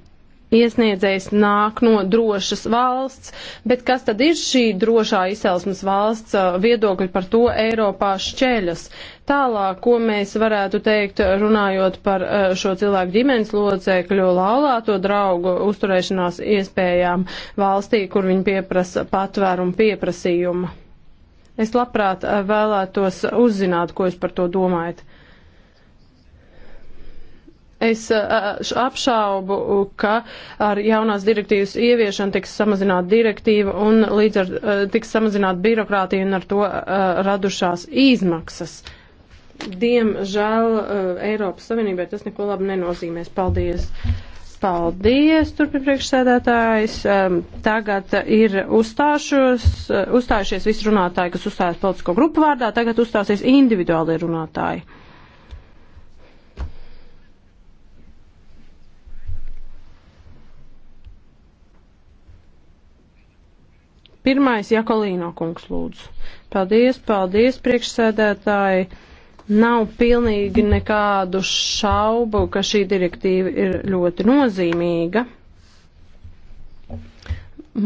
iesniedzējs nāk no drošas valsts, bet kas tad ir šī drošā izcelsmes valsts viedokļi par to Eiropā šķēļas? Tālāk, ko mēs varētu teikt, runājot par šo cilvēku ģimenes locekļu laulāto draugu uzturēšanās iespējām valstī, kur viņi pieprasa patvērumu pieprasījumu. Es labprāt vēlētos uzzināt, ko jūs par to domājat. Es apšaubu, ka ar jaunās direktīvas ieviešanu tiks samazināta direktīva un līdz ar tiks samazināta birokrātija un ar to radušās izmaksas. Diemžēl Eiropas Savienībai tas neko labi nenozīmēs. Paldies! Paldies, turpin priekšsēdētājs. Tagad ir uzstājušies visi runātāji, kas uzstājas politisko grupu vārdā, tagad uzstāsies individuāli runātāji. Pirmais, Jakolīno kungs lūdzu. Paldies, paldies, priekšsēdētāji. Nav pilnīgi nekādu šaubu, ka šī direktīva ir ļoti nozīmīga.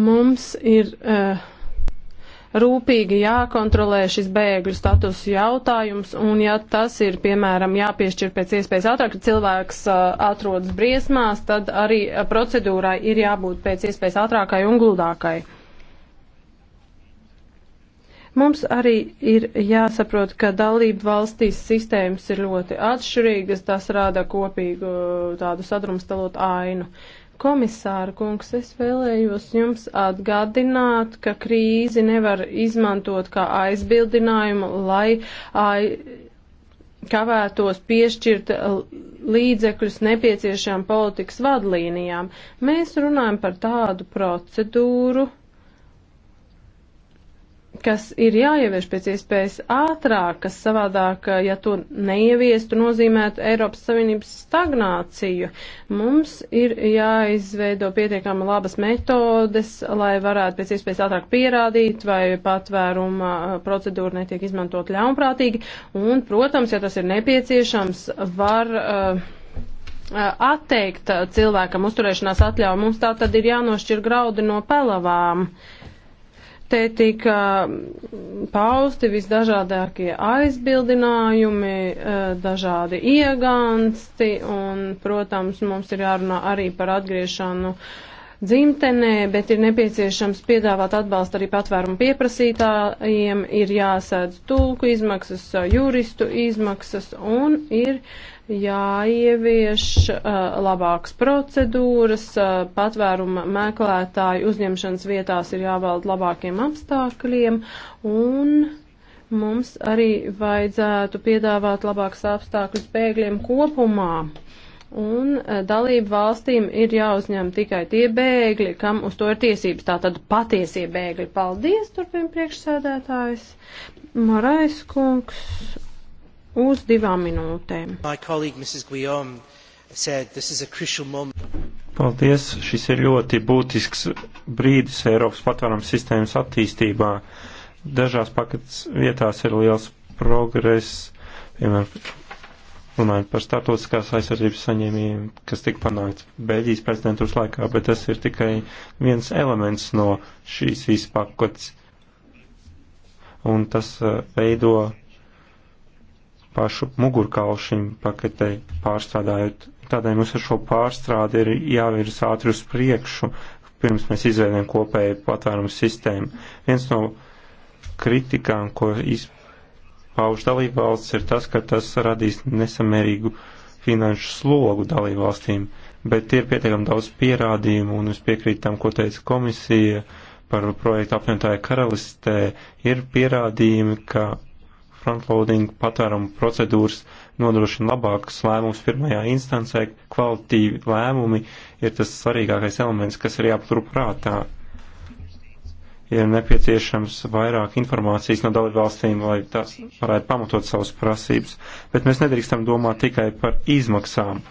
Mums ir uh, rūpīgi jākontrolē šis bēgļu status jautājums, un ja tas ir, piemēram, jāpiešķir pēc iespējas ātrāk, kad cilvēks uh, atrodas briesmās, tad arī eh, procedūrai ir jābūt pēc iespējas ātrākai un gludākai. Uh, Mums arī ir jāsaprot, ka dalību valstīs sistēmas ir ļoti atšķirīgas, tas rāda kopīgu uh, tādu sadrumstalot ainu. Komisāra kungs, es vēlējos jums atgādināt, ka krīzi nevar izmantot kā aizbildinājumu, lai ai, kavētos piešķirt līdzekļus nepieciešām politikas vadlīnijām. Mēs runājam par tādu procedūru, kas ir jāievieš pēc iespējas ātrāk, kas savādāk, eh, ja to neieviestu, nozīmētu Eiropas Savienības stagnāciju. Mums ir jāizveido pietiekama labas metodes, lai varētu pēc iespējas ātrāk pierādīt, vai patvēruma eh, procedūra netiek izmantot ļaunprātīgi. Un, protams, ja tas ir nepieciešams, var. Uh, atteikt cilvēkam uzturēšanās atļauju. Mums tā tad ir jānošķir graudi no pelavām. Uh, Te tika pausti visdažādākie aizbildinājumi, eh, dažādi iegansti un, protams, mums ir jārunā arī par atgriešanu dzimtenē, bet ir nepieciešams piedāvāt atbalstu arī patvērumu pieprasītājiem, ir jāsēdz tulku izmaksas, juristu izmaksas un ir jāievieš uh, labākas procedūras, uh, patvēruma meklētāju uzņemšanas vietās ir jāvalda labākiem apstākļiem un mums arī vajadzētu piedāvāt labākas apstākļus bēgļiem kopumā. Un uh, dalību valstīm ir jāuzņem tikai tie bēgļi, kam uz to ir tiesības. Tātad patiesie bēgļi. Paldies, turpina priekšsēdētājs Marais kungs uz divām minūtēm. Paldies, šis ir ļoti būtisks brīdis Eiropas patvērums sistēmas attīstībā. Dažās paketas vietās ir liels progress, piemēram, runājot par startautiskās aizsardzības saņēmējiem, kas tika panākts Beļģijas prezidentūras laikā, bet tas ir tikai viens elements no šīs visas pakots. Un tas eh, veido pašu mugurkaušiem paketei pārstrādājot. Tādēļ mums ar šo pārstrādi ir jāvirs ātri uz priekšu, pirms mēs izveidojam kopēju patvērumu sistēmu. Viens no kritikām, ko izpauž dalībvalsts, ir tas, ka tas radīs nesamērīgu finanšu slogu dalībvalstīm, bet ir pietiekami daudz pierādījumu, un es piekrītu tam, ko teica komisija par projektu apvienotāju karalistē, ir pierādījumi, ka frontloading patvērumu procedūras nodrošina labākus lēmumus pirmajā instancē, kvalitīvi lēmumi ir tas svarīgākais elements, kas ir jāpatur prātā. Ir nepieciešams vairāk informācijas no dalību valstīm, lai tās varētu pamatot savas prasības, bet mēs nedrīkstam domāt tikai par izmaksām.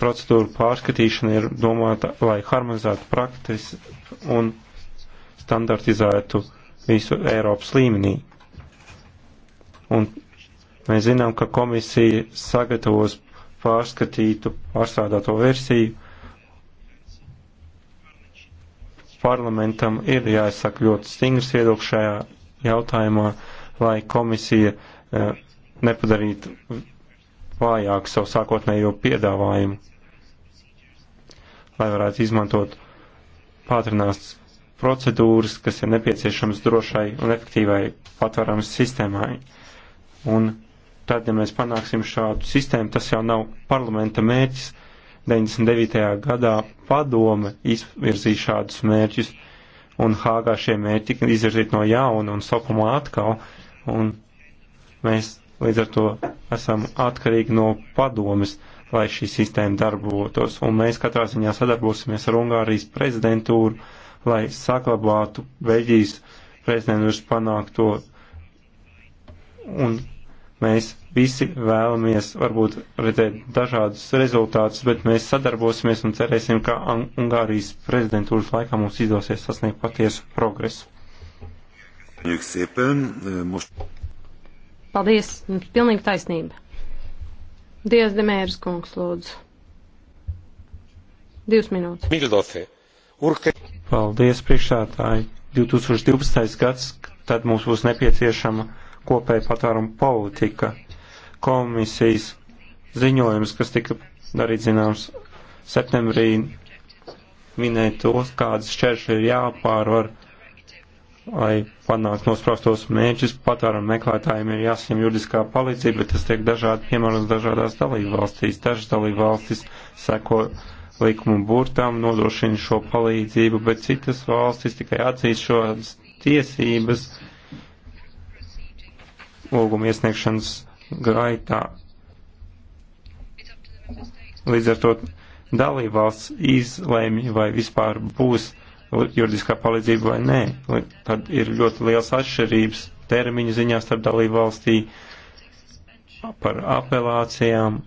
Procedūru pārskatīšana ir domāta, lai harmonizētu praktis un standartizētu visu Eiropas līmenī un mēs zinām, ka komisija sagatavos pārskatītu pārstrādāto versiju. Parlamentam ir jāizsaka ļoti stingrs viedoklis šajā jautājumā, lai komisija eh, nepadarītu vājāk savu sākotnējo piedāvājumu, lai varētu izmantot pātrināts procedūras, kas ir nepieciešams drošai un efektīvai patvaramas sistēmai. Un tad, ja mēs panāksim šādu sistēmu, tas jau nav parlamenta mērķis. 99. gadā padome izvirzīja šādus mērķus, un Hāgā šie mērķi tika izvirzīti no jauna un sokumā atkal, un mēs līdz ar to esam atkarīgi no padomes, lai šī sistēma darbotos, un mēs katrā ziņā sadarbosimies ar Ungārijas prezidentūru, lai saglabātu Beļģijas prezidentūras panākto un Mēs visi vēlamies varbūt redzēt dažādus rezultātus, bet mēs sadarbosimies un cerēsim, ka Ungārijas prezidentūras laikā mums izdosies sasniegt patiesu progresu. Paldies, jums pilnīgi taisnība. Dievs Demērs kungs lūdzu. Divas minūtes. Paldies, priekšsētāji. 2012. gads, tad mums būs nepieciešama kopēja patāruma politika. Komisijas ziņojums, kas tika darīts zināms septembrī, minēja tos, kādas šķēršļi ir jāpārvar, lai panāktu nospraustos mērķus. Patāruma meklētājiem ir jāsaņem juridiskā palīdzība, bet tas tiek dažādi piemēros dažādās dalību valstīs. Dažas dalību valstis seko likumu burtām, nodrošina šo palīdzību, bet citas valstis tikai atzīst šos tiesības lūguma iesniegšanas gaitā. Līdz ar to dalībvalsts izlēmj, vai vispār būs juridiskā palīdzība vai nē. Tad ir ļoti liels atšķirības termiņu ziņā starp dalībvalstī par apelācijām.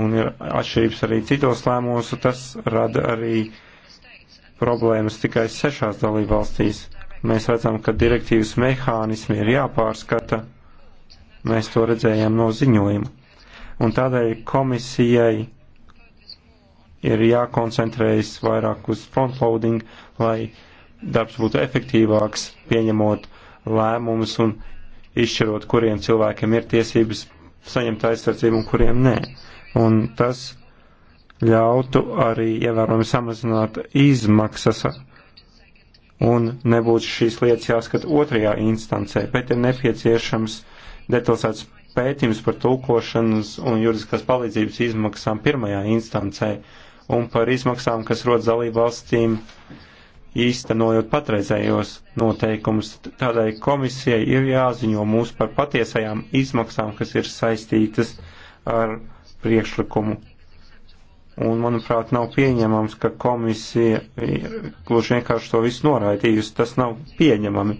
Un ir atšķirības arī citos lēmumos, un tas rada arī problēmas tikai sešās dalībvalstīs. valstīs Mēs redzam, ka direktīvas mehānismi ir jāpārskata. Mēs to redzējām no ziņojuma. Un tādēļ komisijai ir jākoncentrējas vairāk uz frontloading, lai darbs būtu efektīvāks, pieņemot lēmumus un izšķirot, kuriem cilvēkiem ir tiesības saņemt aizsardzību un kuriem nē. Un tas ļautu arī ievērojami samazināt izmaksas un nebūtu šīs lietas jāskat otrajā instancē, bet ir nepieciešams detalizēts pētījums par tulkošanas un juridiskās palīdzības izmaksām pirmajā instancē un par izmaksām, kas rodas dalībvalstīm īstenojot patreizējos noteikumus. Tādai komisijai ir jāziņo mūs par patiesajām izmaksām, kas ir saistītas ar priekšlikumu un, manuprāt, nav pieņemams, ka komisija gluži vienkārši to visu noraidījusi. Tas nav pieņemami.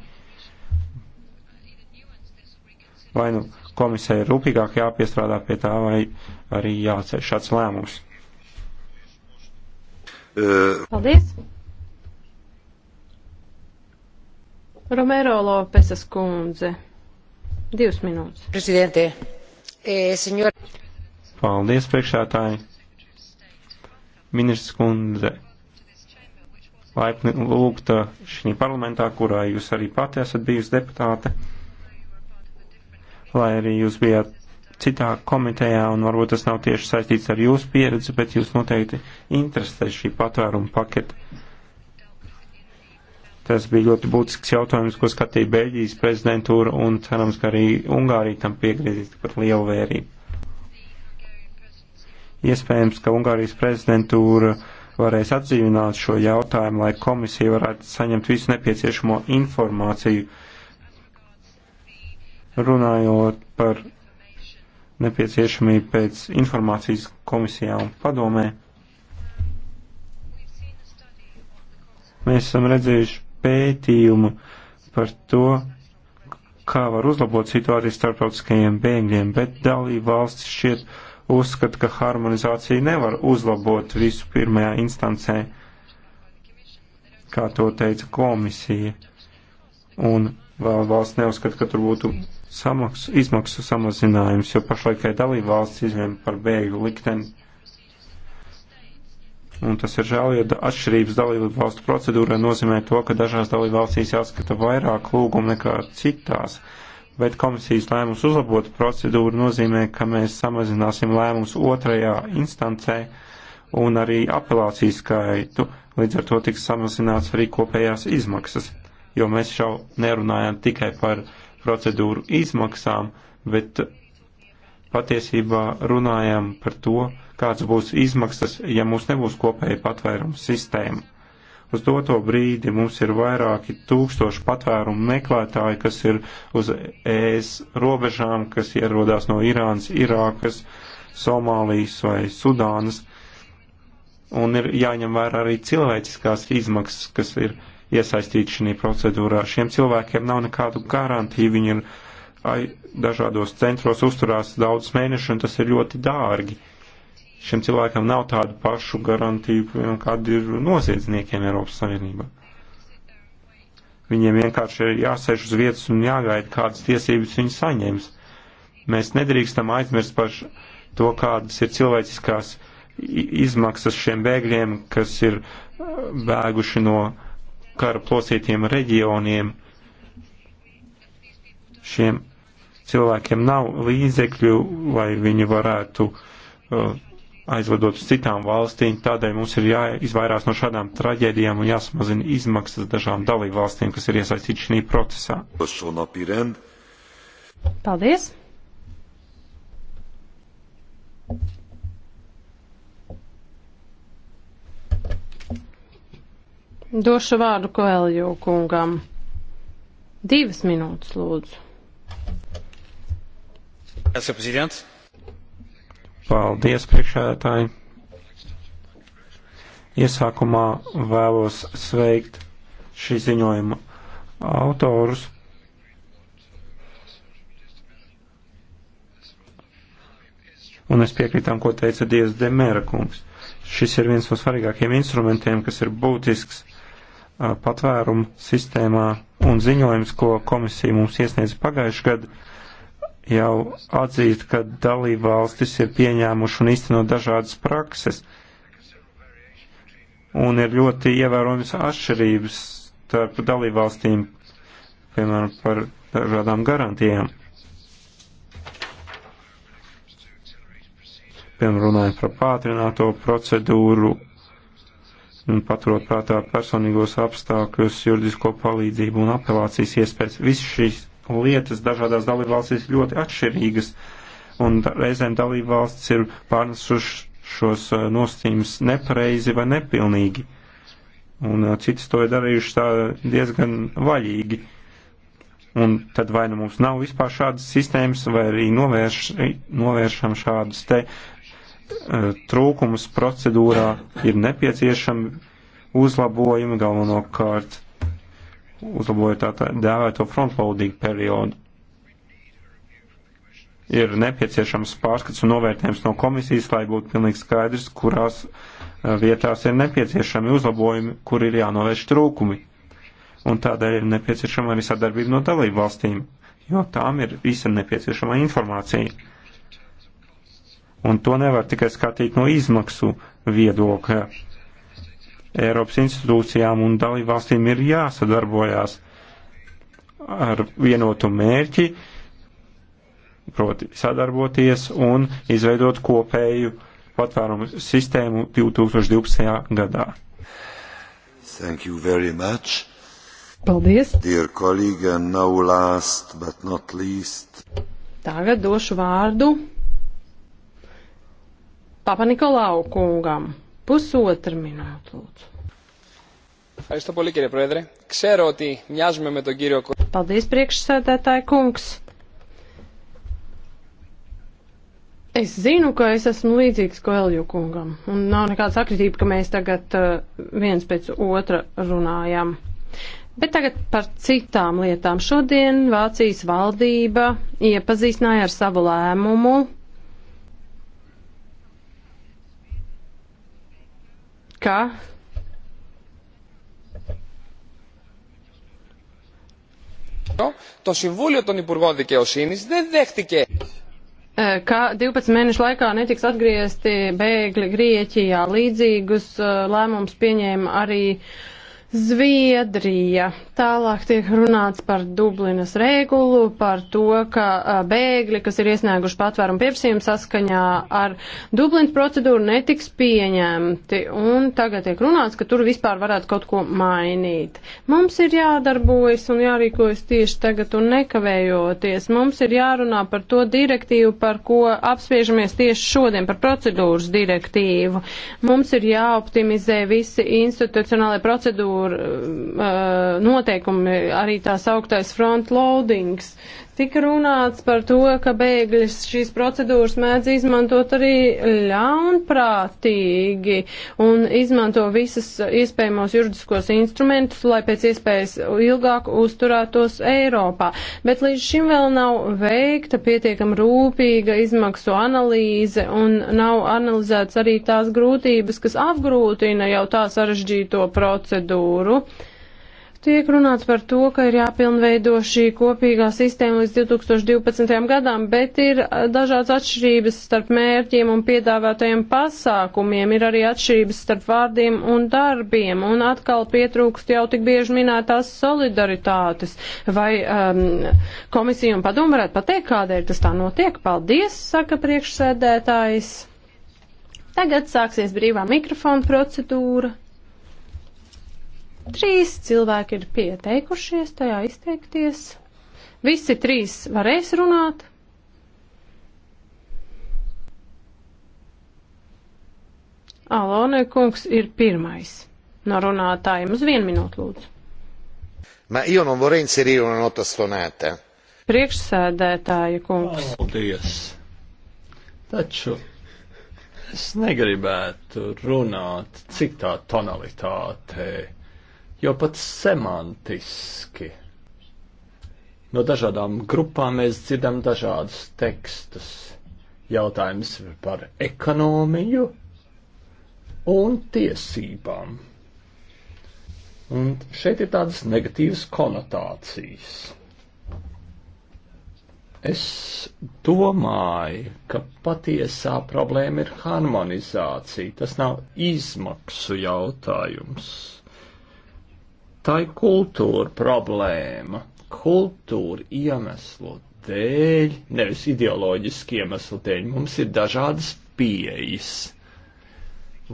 Vai nu komisija ir rūpīgāk jāpiestrādā pie tā, vai arī jāceļ šāds lēmums. Uh. Paldies! Romero Lopesas kundze. Divas minūtes. Prezidentē, e, eh, senjor. Paldies, priekšētāji. Ministrs kundze, laipni lūgta uh, šī parlamentā, kurā jūs arī pati esat bijusi deputāte, lai arī jūs bijāt citā komitejā, un varbūt tas nav tieši saistīts ar jūsu pieredzi, bet jūs noteikti interesē šī patvēruma paketa. Tas bija ļoti būtisks jautājums, ko skatīja Beļģijas prezidentūra, un cerams, ka arī Ungārija tam piegriezīs par lielu vērību. Iespējams, ka Ungārijas prezidentūra varēs atdzīvināt šo jautājumu, lai komisija varētu saņemt visu nepieciešamo informāciju. Runājot par nepieciešamību pēc informācijas komisijā un padomē, mēs esam redzējuši pētījumu par to, kā var uzlabot situāciju starptautiskajiem bēgļiem, bet dalība valsts šķiet uzskata, ka harmonizācija nevar uzlabot visu pirmajā instancē, kā to teica komisija. Un vēl valsts neuzskata, ka tur būtu samaks, izmaksu samazinājums, jo pašlaikai dalība valsts izlēma par bēgļu likteni. Un tas ir žēl, jo atšķirības dalību valstu procedūrā nozīmē to, ka dažās dalību valstīs jāskata vairāk lūgumu nekā citās. Uh, bet komisijas lēmums uzlabot procedūru nozīmē, ka mēs samazināsim lēmumus otrajā instancē un arī apelācijas skaitu, līdz ar to tiks samazināts arī kopējās izmaksas, jo mēs jau nerunājam tikai par procedūru izmaksām, bet patiesībā runājam par to, kāds būs izmaksas, ja mums nebūs kopēja patvērums sistēma. Uz doto brīdi mums ir vairāki tūkstoši patvērumu meklētāji, kas ir uz ES robežām, kas ierodās no Irānas, Irākas, Somālijas vai Sudānas. Un ir jāņem vērā arī cilvēciskās izmaksas, kas ir iesaistīti šī procedūrā. Šiem cilvēkiem nav nekādu garantiju, viņi ir dažādos centros uzturās daudz mēnešu, un tas ir ļoti dārgi šiem cilvēkiem nav tādu pašu garantiju, kāda ir noziedzniekiem Eiropas Savienībā. Viņiem vienkārši ir jāsēž uz vietas un jāgaida, kādas tiesības viņi saņems. Mēs nedrīkstam aizmirst par to, kādas ir cilvēciskās izmaksas šiem bēgļiem, kas ir uh, bēguši no kara plosītiem reģioniem. Šiem cilvēkiem nav līdzekļu, lai viņi varētu uh, aizlidot uz citām valstīm, tādēļ mums ir jāizvairās no šādām traģēdijām un jāsamazina izmaksas dažām dalību valstīm, kas ir iesaistīti šī procesā. Paldies! Došu vārdu Koelju kungam. Divas minūtes, lūdzu. Gracias, prezidents. Paldies, priekšādātāji! Iesākumā vēlos sveikt šī ziņojuma autorus. Un es piekrītu tam, ko teica Dievs Demēra kungs. Šis ir viens no svarīgākajiem instrumentiem, kas ir būtisks patvērumu sistēmā un ziņojums, ko komisija mums iesniedz pagājušajā gadā jau atzīst, ka dalībvalstis ir pieņēmuši un īstenot dažādas prakses. Un ir ļoti ievērojams atšķirības starp dalībvalstīm, piemēram, par dažādām garantijām. Piemēram, runājot par pātrināto procedūru un paturot prātā personīgos apstākļus, juridisko palīdzību un apelācijas iespējas. Viss šīs lietas dažādās dalībvalstīs ļoti atšķirīgas, un reizēm dalībvalstis ir pārnesušas šos eh, nosacījumus nepareizi vai nepilnīgi, un eh, citas to ir darījušas tā diezgan vaļīgi. Un tad vai nu mums nav vispār šādas sistēmas, vai arī novērš, novēršam šādas te uh, trūkumus procedūrā, ir nepieciešami uzlabojumi galvenokārt uzlabojot tā, tā dēvēto frontloading periodu. Ir nepieciešams pārskats un novērtējums no komisijas, lai būtu pilnīgi skaidrs, kurās eh, vietās ir nepieciešami uzlabojumi, kur ir jānovērš trūkumi. Un tādēļ ir nepieciešama arī sadarbība no dalību valstīm, jo tām ir visa nepieciešama informācija. Un to nevar tikai skatīt no izmaksu viedokļa Eiropas institūcijām un dalībvalstīm ir jāsadarbojās ar vienotu mērķi, proti sadarboties un izveidot kopēju patvērumu sistēmu 2012. gadā. Thank you very much. Paldies. Dear colleague, and now last but not least. Tagad došu vārdu Papa Nikolau kungam. Pusotra minūte, lūdzu. Ευχαριστώ πολύ κύριε Πρόεδρε. Ξέρω ότι μοιάζουμε με τον κύριο Paldies, priekšsēdētāji kungs. Es zinu, ka es esmu līdzīgs Koelju kungam, un nav nekāda sakritība, ka mēs tagad uh, viens pēc otra runājam. Bet tagad par citām lietām. Šodien Vācijas valdība iepazīstināja ar savu lēmumu ka το Συμβούλιο των Υπουργών Δικαιοσύνης δεν δέχτηκε ka 12 mēnešu laikā netiks atgriezti bēgļi Grieķijā. Līdzīgus lēmumus pieņēma arī uh, Zviedrija. Tālāk tiek runāts par Dublinas regulu, par to, ka bēgļi, kas ir iesnieguši patvērumu pieprasījumu saskaņā ar Dublinas procedūru, netiks pieņemti. Un tagad tiek runāts, ka tur vispār varētu kaut ko mainīt. Mums ir jādarbojas un jārīkojas tieši tagad un nekavējoties. Mums ir jārunā par to direktīvu, par ko apspriežamies tieši šodien, par procedūras direktīvu. Mums ir jāoptimizē visi institucionālai procedūri tur uh, eh, noteikumi, arī tās augtais front loadings. Tika runāts par to, ka bēgļas šīs procedūras mēdz izmantot arī ļaunprātīgi un izmanto visas iespējamos juridiskos instrumentus, lai pēc iespējas ilgāk uzturētos Eiropā. Bet līdz šim vēl nav veikta pietiekam rūpīga izmaksu analīze un nav analizēts arī tās grūtības, kas apgrūtina jau tā sarežģīto procedūru. Tiek runāts par to, ka ir jāpilnveido šī kopīgā sistēma līdz 2012. gadam, bet ir dažādas atšķirības starp mērķiem un piedāvātajiem pasākumiem, ir arī atšķirības starp vārdiem un darbiem, un atkal pietrūkst jau tik bieži minētās solidaritātes. Vai um, komisija un padomu varētu pateikt, kādēļ tas tā notiek? Paldies, saka priekšsēdētājs. Tagad sāksies brīvā mikrofona procedūra. Trīs cilvēki ir pieteikušies tajā izteikties. Visi trīs varēs runāt. Alonē kungs ir pirmais no runātājiem uz vienu minūtu lūdzu. Ma io non vorrei inserire una nota stonata. Priekšsēdētāja kungs. Paldies. Taču es negribētu runāt citā tonalitātei jo pat semantiski no dažādām grupām mēs dzirdam dažādus tekstus. Jautājums par ekonomiju un tiesībām. Un šeit ir tādas negatīvas konotācijas. Es domāju, ka patiesā problēma ir harmonizācija. Tas nav izmaksu jautājums Tā ir kultūra problēma. Kultūra iemeslu dēļ, nevis ideoloģiski iemeslu dēļ, mums ir dažādas pieejas.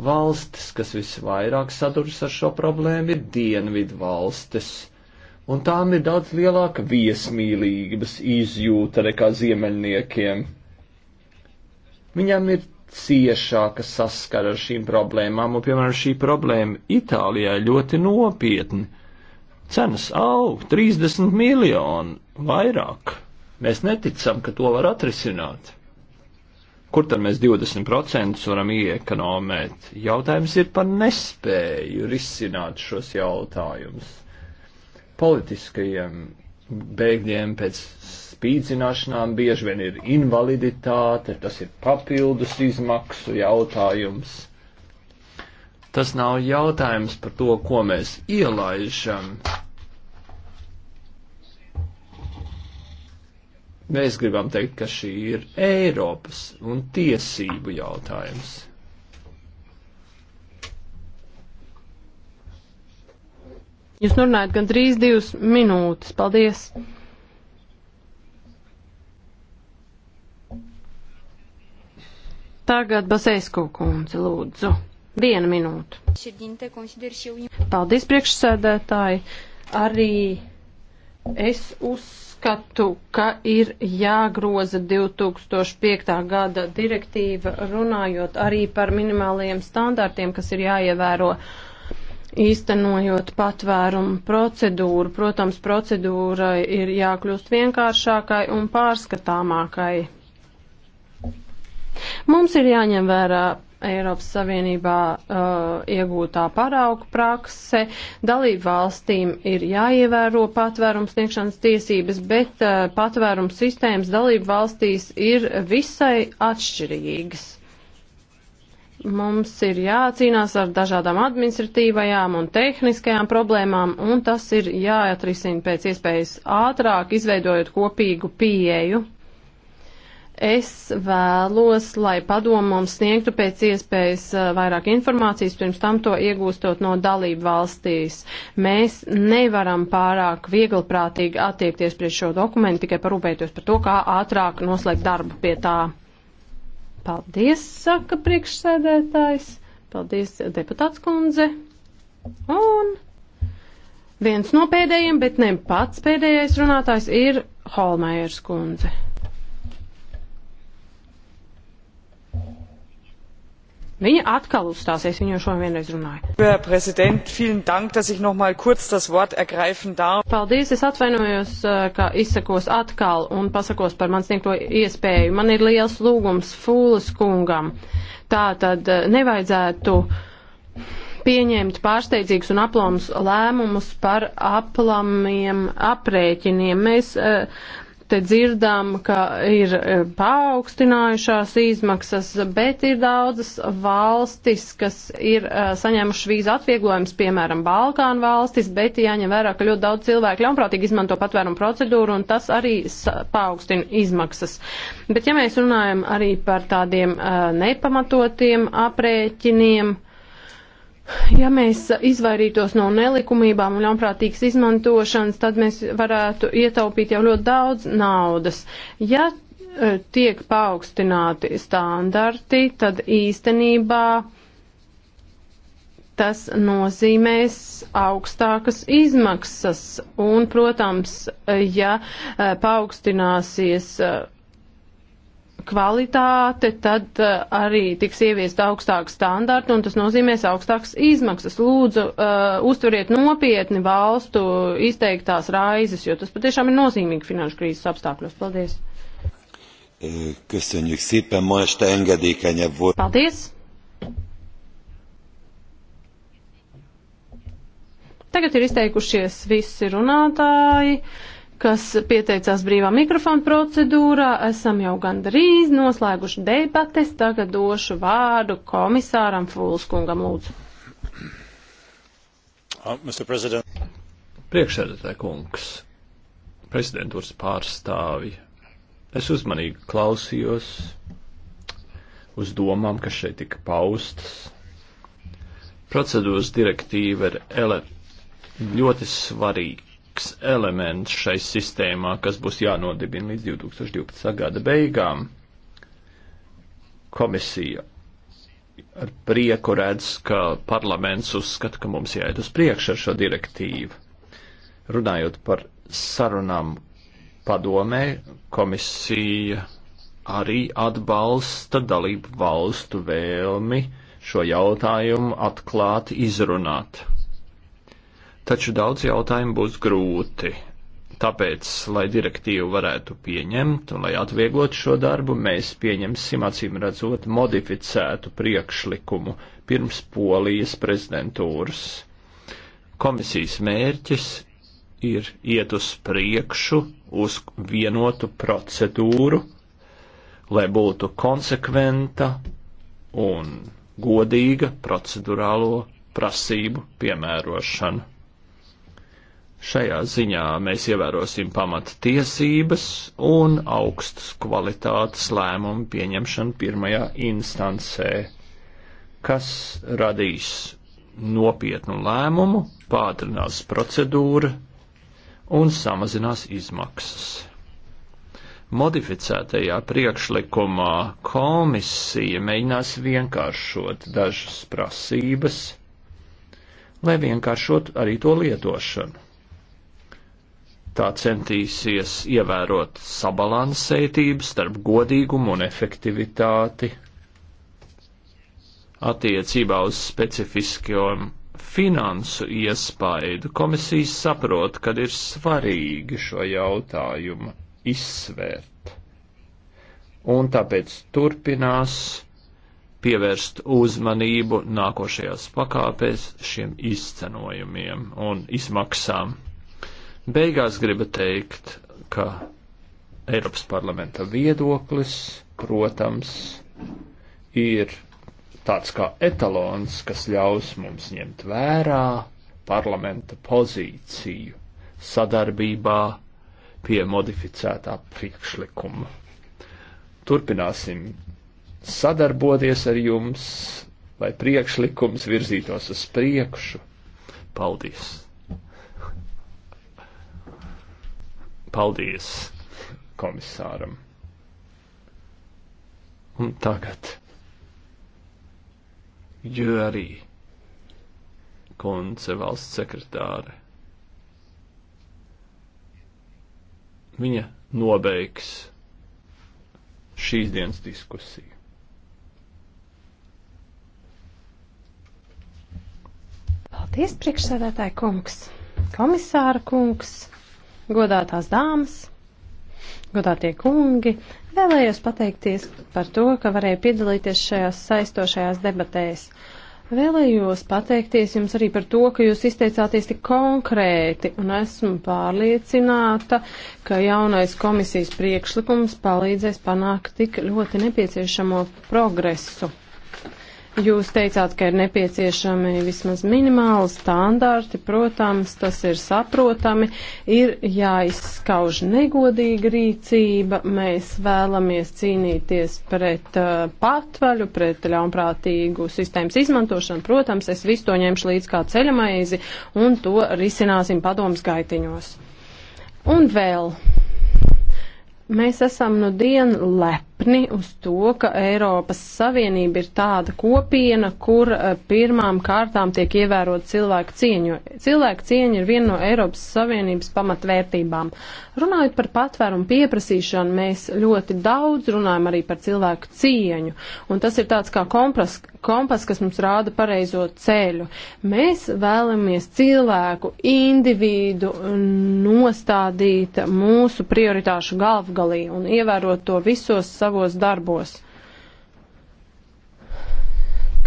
Valstis, kas visvairāk saduras ar šo problēmu, ir dienvidu valstis un tām ir daudz lielāka viesmīlības izjūta nekā ziemeļniekiem. Viņam ir ciešāka saskara ar šīm problēmām, un, piemēram, šī problēma Itālijā ļoti nopietni. Cenas aug 30 miljonu vairāk. Mēs neticam, ka to var atrisināt. Kur tad mēs 20% varam iekonomēt? Jautājums ir par nespēju risināt šos jautājumus. Politiskajiem bēgļiem pēc spīdzināšanām, bieži vien ir invaliditāte, tas ir papildus izmaksu jautājums. Tas nav jautājums par to, ko mēs ielaižam. Mēs gribam teikt, ka šī ir Eiropas un tiesību jautājums. Jūs runājat gandrīz divas minūtes. Paldies! Tagad Basēsku kundze, lūdzu. Viena minūte. Paldies, priekšsēdētāji. Arī es uzskatu, ka ir jāgroza 2005. gada direktīva, runājot arī par minimālajiem standartiem, kas ir jāievēro īstenojot patvērumu procedūru. Protams, procedūrai ir jākļūst vienkāršākai un pārskatāmākai. Mums ir jāņem vērā Eiropas Savienībā uh, iegūtā parauga prakse. Dalību valstīm ir jāievēro patvērums sniegšanas tiesības, bet uh, patvērums sistēmas dalību valstīs ir visai atšķirīgas. Mums ir jācīnās ar dažādām administratīvajām un tehniskajām problēmām, un tas ir jāatrisina pēc iespējas ātrāk, izveidojot kopīgu pieeju Es vēlos, lai padomu mums sniegtu pēc iespējas uh, vairāk informācijas, pirms tam to iegūstot no dalību valstīs. Mēs nevaram pārāk viegliprātīgi attiekties pret šo dokumentu, tikai parūpēties par to, kā ātrāk noslēgt darbu pie tā. Paldies, saka priekšsēdētājs. Paldies, deputāts kundze. Un viens no pēdējiem, bet ne pats pēdējais runātājs ir Holmējers kundze. Viņa atkal uzstāsies, viņa jau šodien vienreiz runāja. Herr Präsident, vielen Dank, dass ich noch mal kurz das Wort ergreifen darf. Paldies, es atvainojos, eh, ka izsakos atkal un pasakos par man sniegto iespēju. Man ir liels lūgums Fūles kungam. Tā tad eh, nevajadzētu pieņemt pārsteidzīgus un aplams lēmumus par aplamiem aprēķiniem. Mēs uh, te dzirdam, ka ir e, paaugstinājušās izmaksas, bet ir daudzas valstis, kas ir e, saņēmušas vīzu atvieglojumus, piemēram, Balkānu valstis, bet jāņem vērā, ka ļoti daudz cilvēku ļaunprātīgi izmanto patvērumu procedūru, un tas arī paaugstina izmaksas. Bet ja mēs runājam arī par tādiem e, nepamatotiem aprēķiniem, Ja mēs izvairītos no nelikumībām un ļaunprātīgas izmantošanas, tad mēs varētu ietaupīt jau ļoti daudz naudas. Ja e, tiek paaugstināti standarti, tad īstenībā tas nozīmēs augstākas izmaksas. Un, protams, e, ja e, paaugstināsies kvalitāte, tad uh, arī tiks ieviest augstāk standārti, un tas nozīmēs augstākas izmaksas. Lūdzu, uh, uztveriet nopietni valstu izteiktās raizes, jo tas patiešām ir nozīmīgi finanšu krīzes apstākļos. Paldies! Eh, köszönjük szépen, ma este engedékenyebb volt. Paldies! Tagad ir izteikušies visi runātāji. Uh, kas pieteicās brīvā mikrofona procedūrā. Esam jau gandrīz noslēguši debates. Tagad došu vārdu komisāram Fulskungam lūdzu. Uh, Priekšsēdētāj kungs, prezidentūras pārstāvi, es uzmanīgi klausījos uz domām, kas šeit tika paustas. Procedūras direktīva ir ele ļoti svarīga būtisks elements šai sistēmā, kas būs jānodibina līdz 2012. gada beigām. Komisija ar prieku redz, ka parlaments uzskata, ka mums jāiet uz priekšu ar šo direktīvu. Runājot par sarunām padomē, komisija arī atbalsta dalību valstu vēlmi šo jautājumu atklāti izrunāt taču daudz jautājumu būs grūti. Tāpēc, lai direktīvu varētu pieņemt un lai atvieglotu šo darbu, mēs pieņemsim acīm redzot modificētu priekšlikumu pirms Polijas prezidentūras. Komisijas mērķis ir iet uz priekšu uz vienotu procedūru, lai būtu konsekventa un godīga procedurālo prasību piemērošana Šajā ziņā mēs ievērosim pamata tiesības un augstas kvalitātes lēmumu pieņemšanu pirmajā instancē, kas radīs nopietnu lēmumu, pātrinās procedūru un samazinās izmaksas. Modificētajā priekšlikumā komisija mēģinās vienkāršot dažas prasības, lai vienkāršot arī to lietošanu Tā centīsies ievērot sabalansētību starp godīgumu un efektivitāti attiecībā uz specifiskiem finansu iespaidu. Komisijas saprot, kad ir svarīgi šo jautājumu izsvērt. Un tāpēc turpinās pievērst uzmanību nākošajās pakāpēs šiem izcenojumiem un izmaksām. Beigās gribu teikt, ka Eiropas parlamenta viedoklis, protams, ir tāds kā etalons, kas ļaus mums ņemt vērā parlamenta pozīciju sadarbībā pie modificētā priekšlikuma. Turpināsim sadarboties ar jums, lai priekšlikums virzītos uz priekšu. Paldies! Paldies komisāram. Un tagad Jurī Kunce, valsts sekretāre. Viņa nobeigs šīs dienas diskusiju. Paldies, priekšsēdētāji kungs, komisāra kungs godātās dāmas, godātie kungi, vēlējos pateikties par to, ka varēju piedalīties šajās saistošajās debatēs. Vēlējos pateikties jums arī par to, ka jūs izteicāties tik konkrēti, un esmu pārliecināta, ka jaunais komisijas priekšlikums palīdzēs panākt tik ļoti nepieciešamo progresu. Jūs teicāt, ka ir nepieciešami vismaz minimāli standarti, protams, tas ir saprotami, ir jāizskauž negodīga rīcība, mēs vēlamies cīnīties pret uh, patvaļu, pret ļaunprātīgu sistēmas izmantošanu, protams, es visu to ņemšu līdz kā ceļamaizi un to risināsim padomas gaitiņos. Un vēl, mēs esam nu dienu lepi lepni uz to, ka Eiropas Savienība ir tāda kopiena, kur eh, pirmām kārtām tiek ievērot cilvēku cieņu. Cilvēku cieņa ir viena no Eiropas Savienības pamatvērtībām. Runājot par patvērumu pieprasīšanu, mēs ļoti daudz runājam arī par cilvēku cieņu, un tas ir tāds kā kompas, kompas kas mums rāda pareizo ceļu. Mēs vēlamies cilvēku, individu nostādīt mūsu prioritāšu galvgalī un ievērot to visos savos darbos.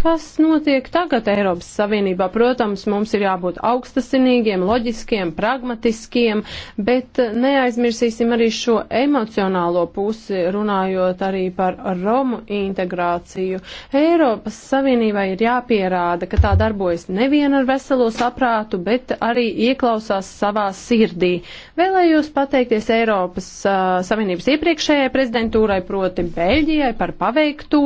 Kas notiek tagad Eiropas Savienībā? Protams, mums ir jābūt augstasinīgiem, loģiskiem, pragmatiskiem, bet neaizmirsīsim arī šo emocionālo pusi, runājot arī par Romu integrāciju. Eiropas Savienībai ir jāpierāda, ka tā darbojas nevien ar veselo saprātu, bet arī ieklausās savā sirdī. Vēlējos pateikties Eiropas uh, Savienības iepriekšējai prezidentūrai, proti Beļģijai, par paveikto.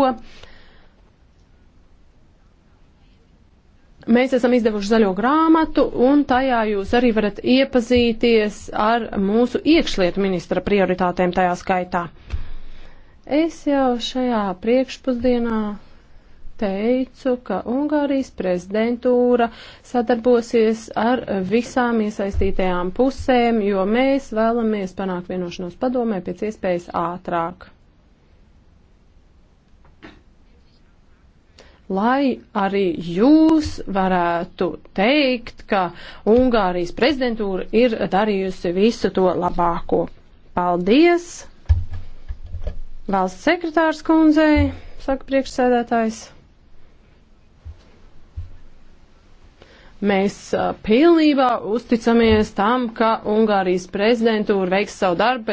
Mēs esam izdevuši zaļo grāmatu, un tajā jūs arī varat iepazīties ar mūsu iekšlietu ministra prioritātēm tajā skaitā. Es jau šajā priekšpusdienā teicu, ka Ungārijas prezidentūra sadarbosies ar visām iesaistītajām pusēm, jo mēs vēlamies panākt vienošanos padomē pēc iespējas ātrāk. lai arī jūs varētu teikt, ka Ungārijas prezidentūra ir darījusi visu to labāko. Paldies! Valsts sekretārs kundzei, saka priekšsēdētājs. Mēs uh, pilnībā uzticamies tam, ka Ungārijas prezidentūra veiks savu darbu pēc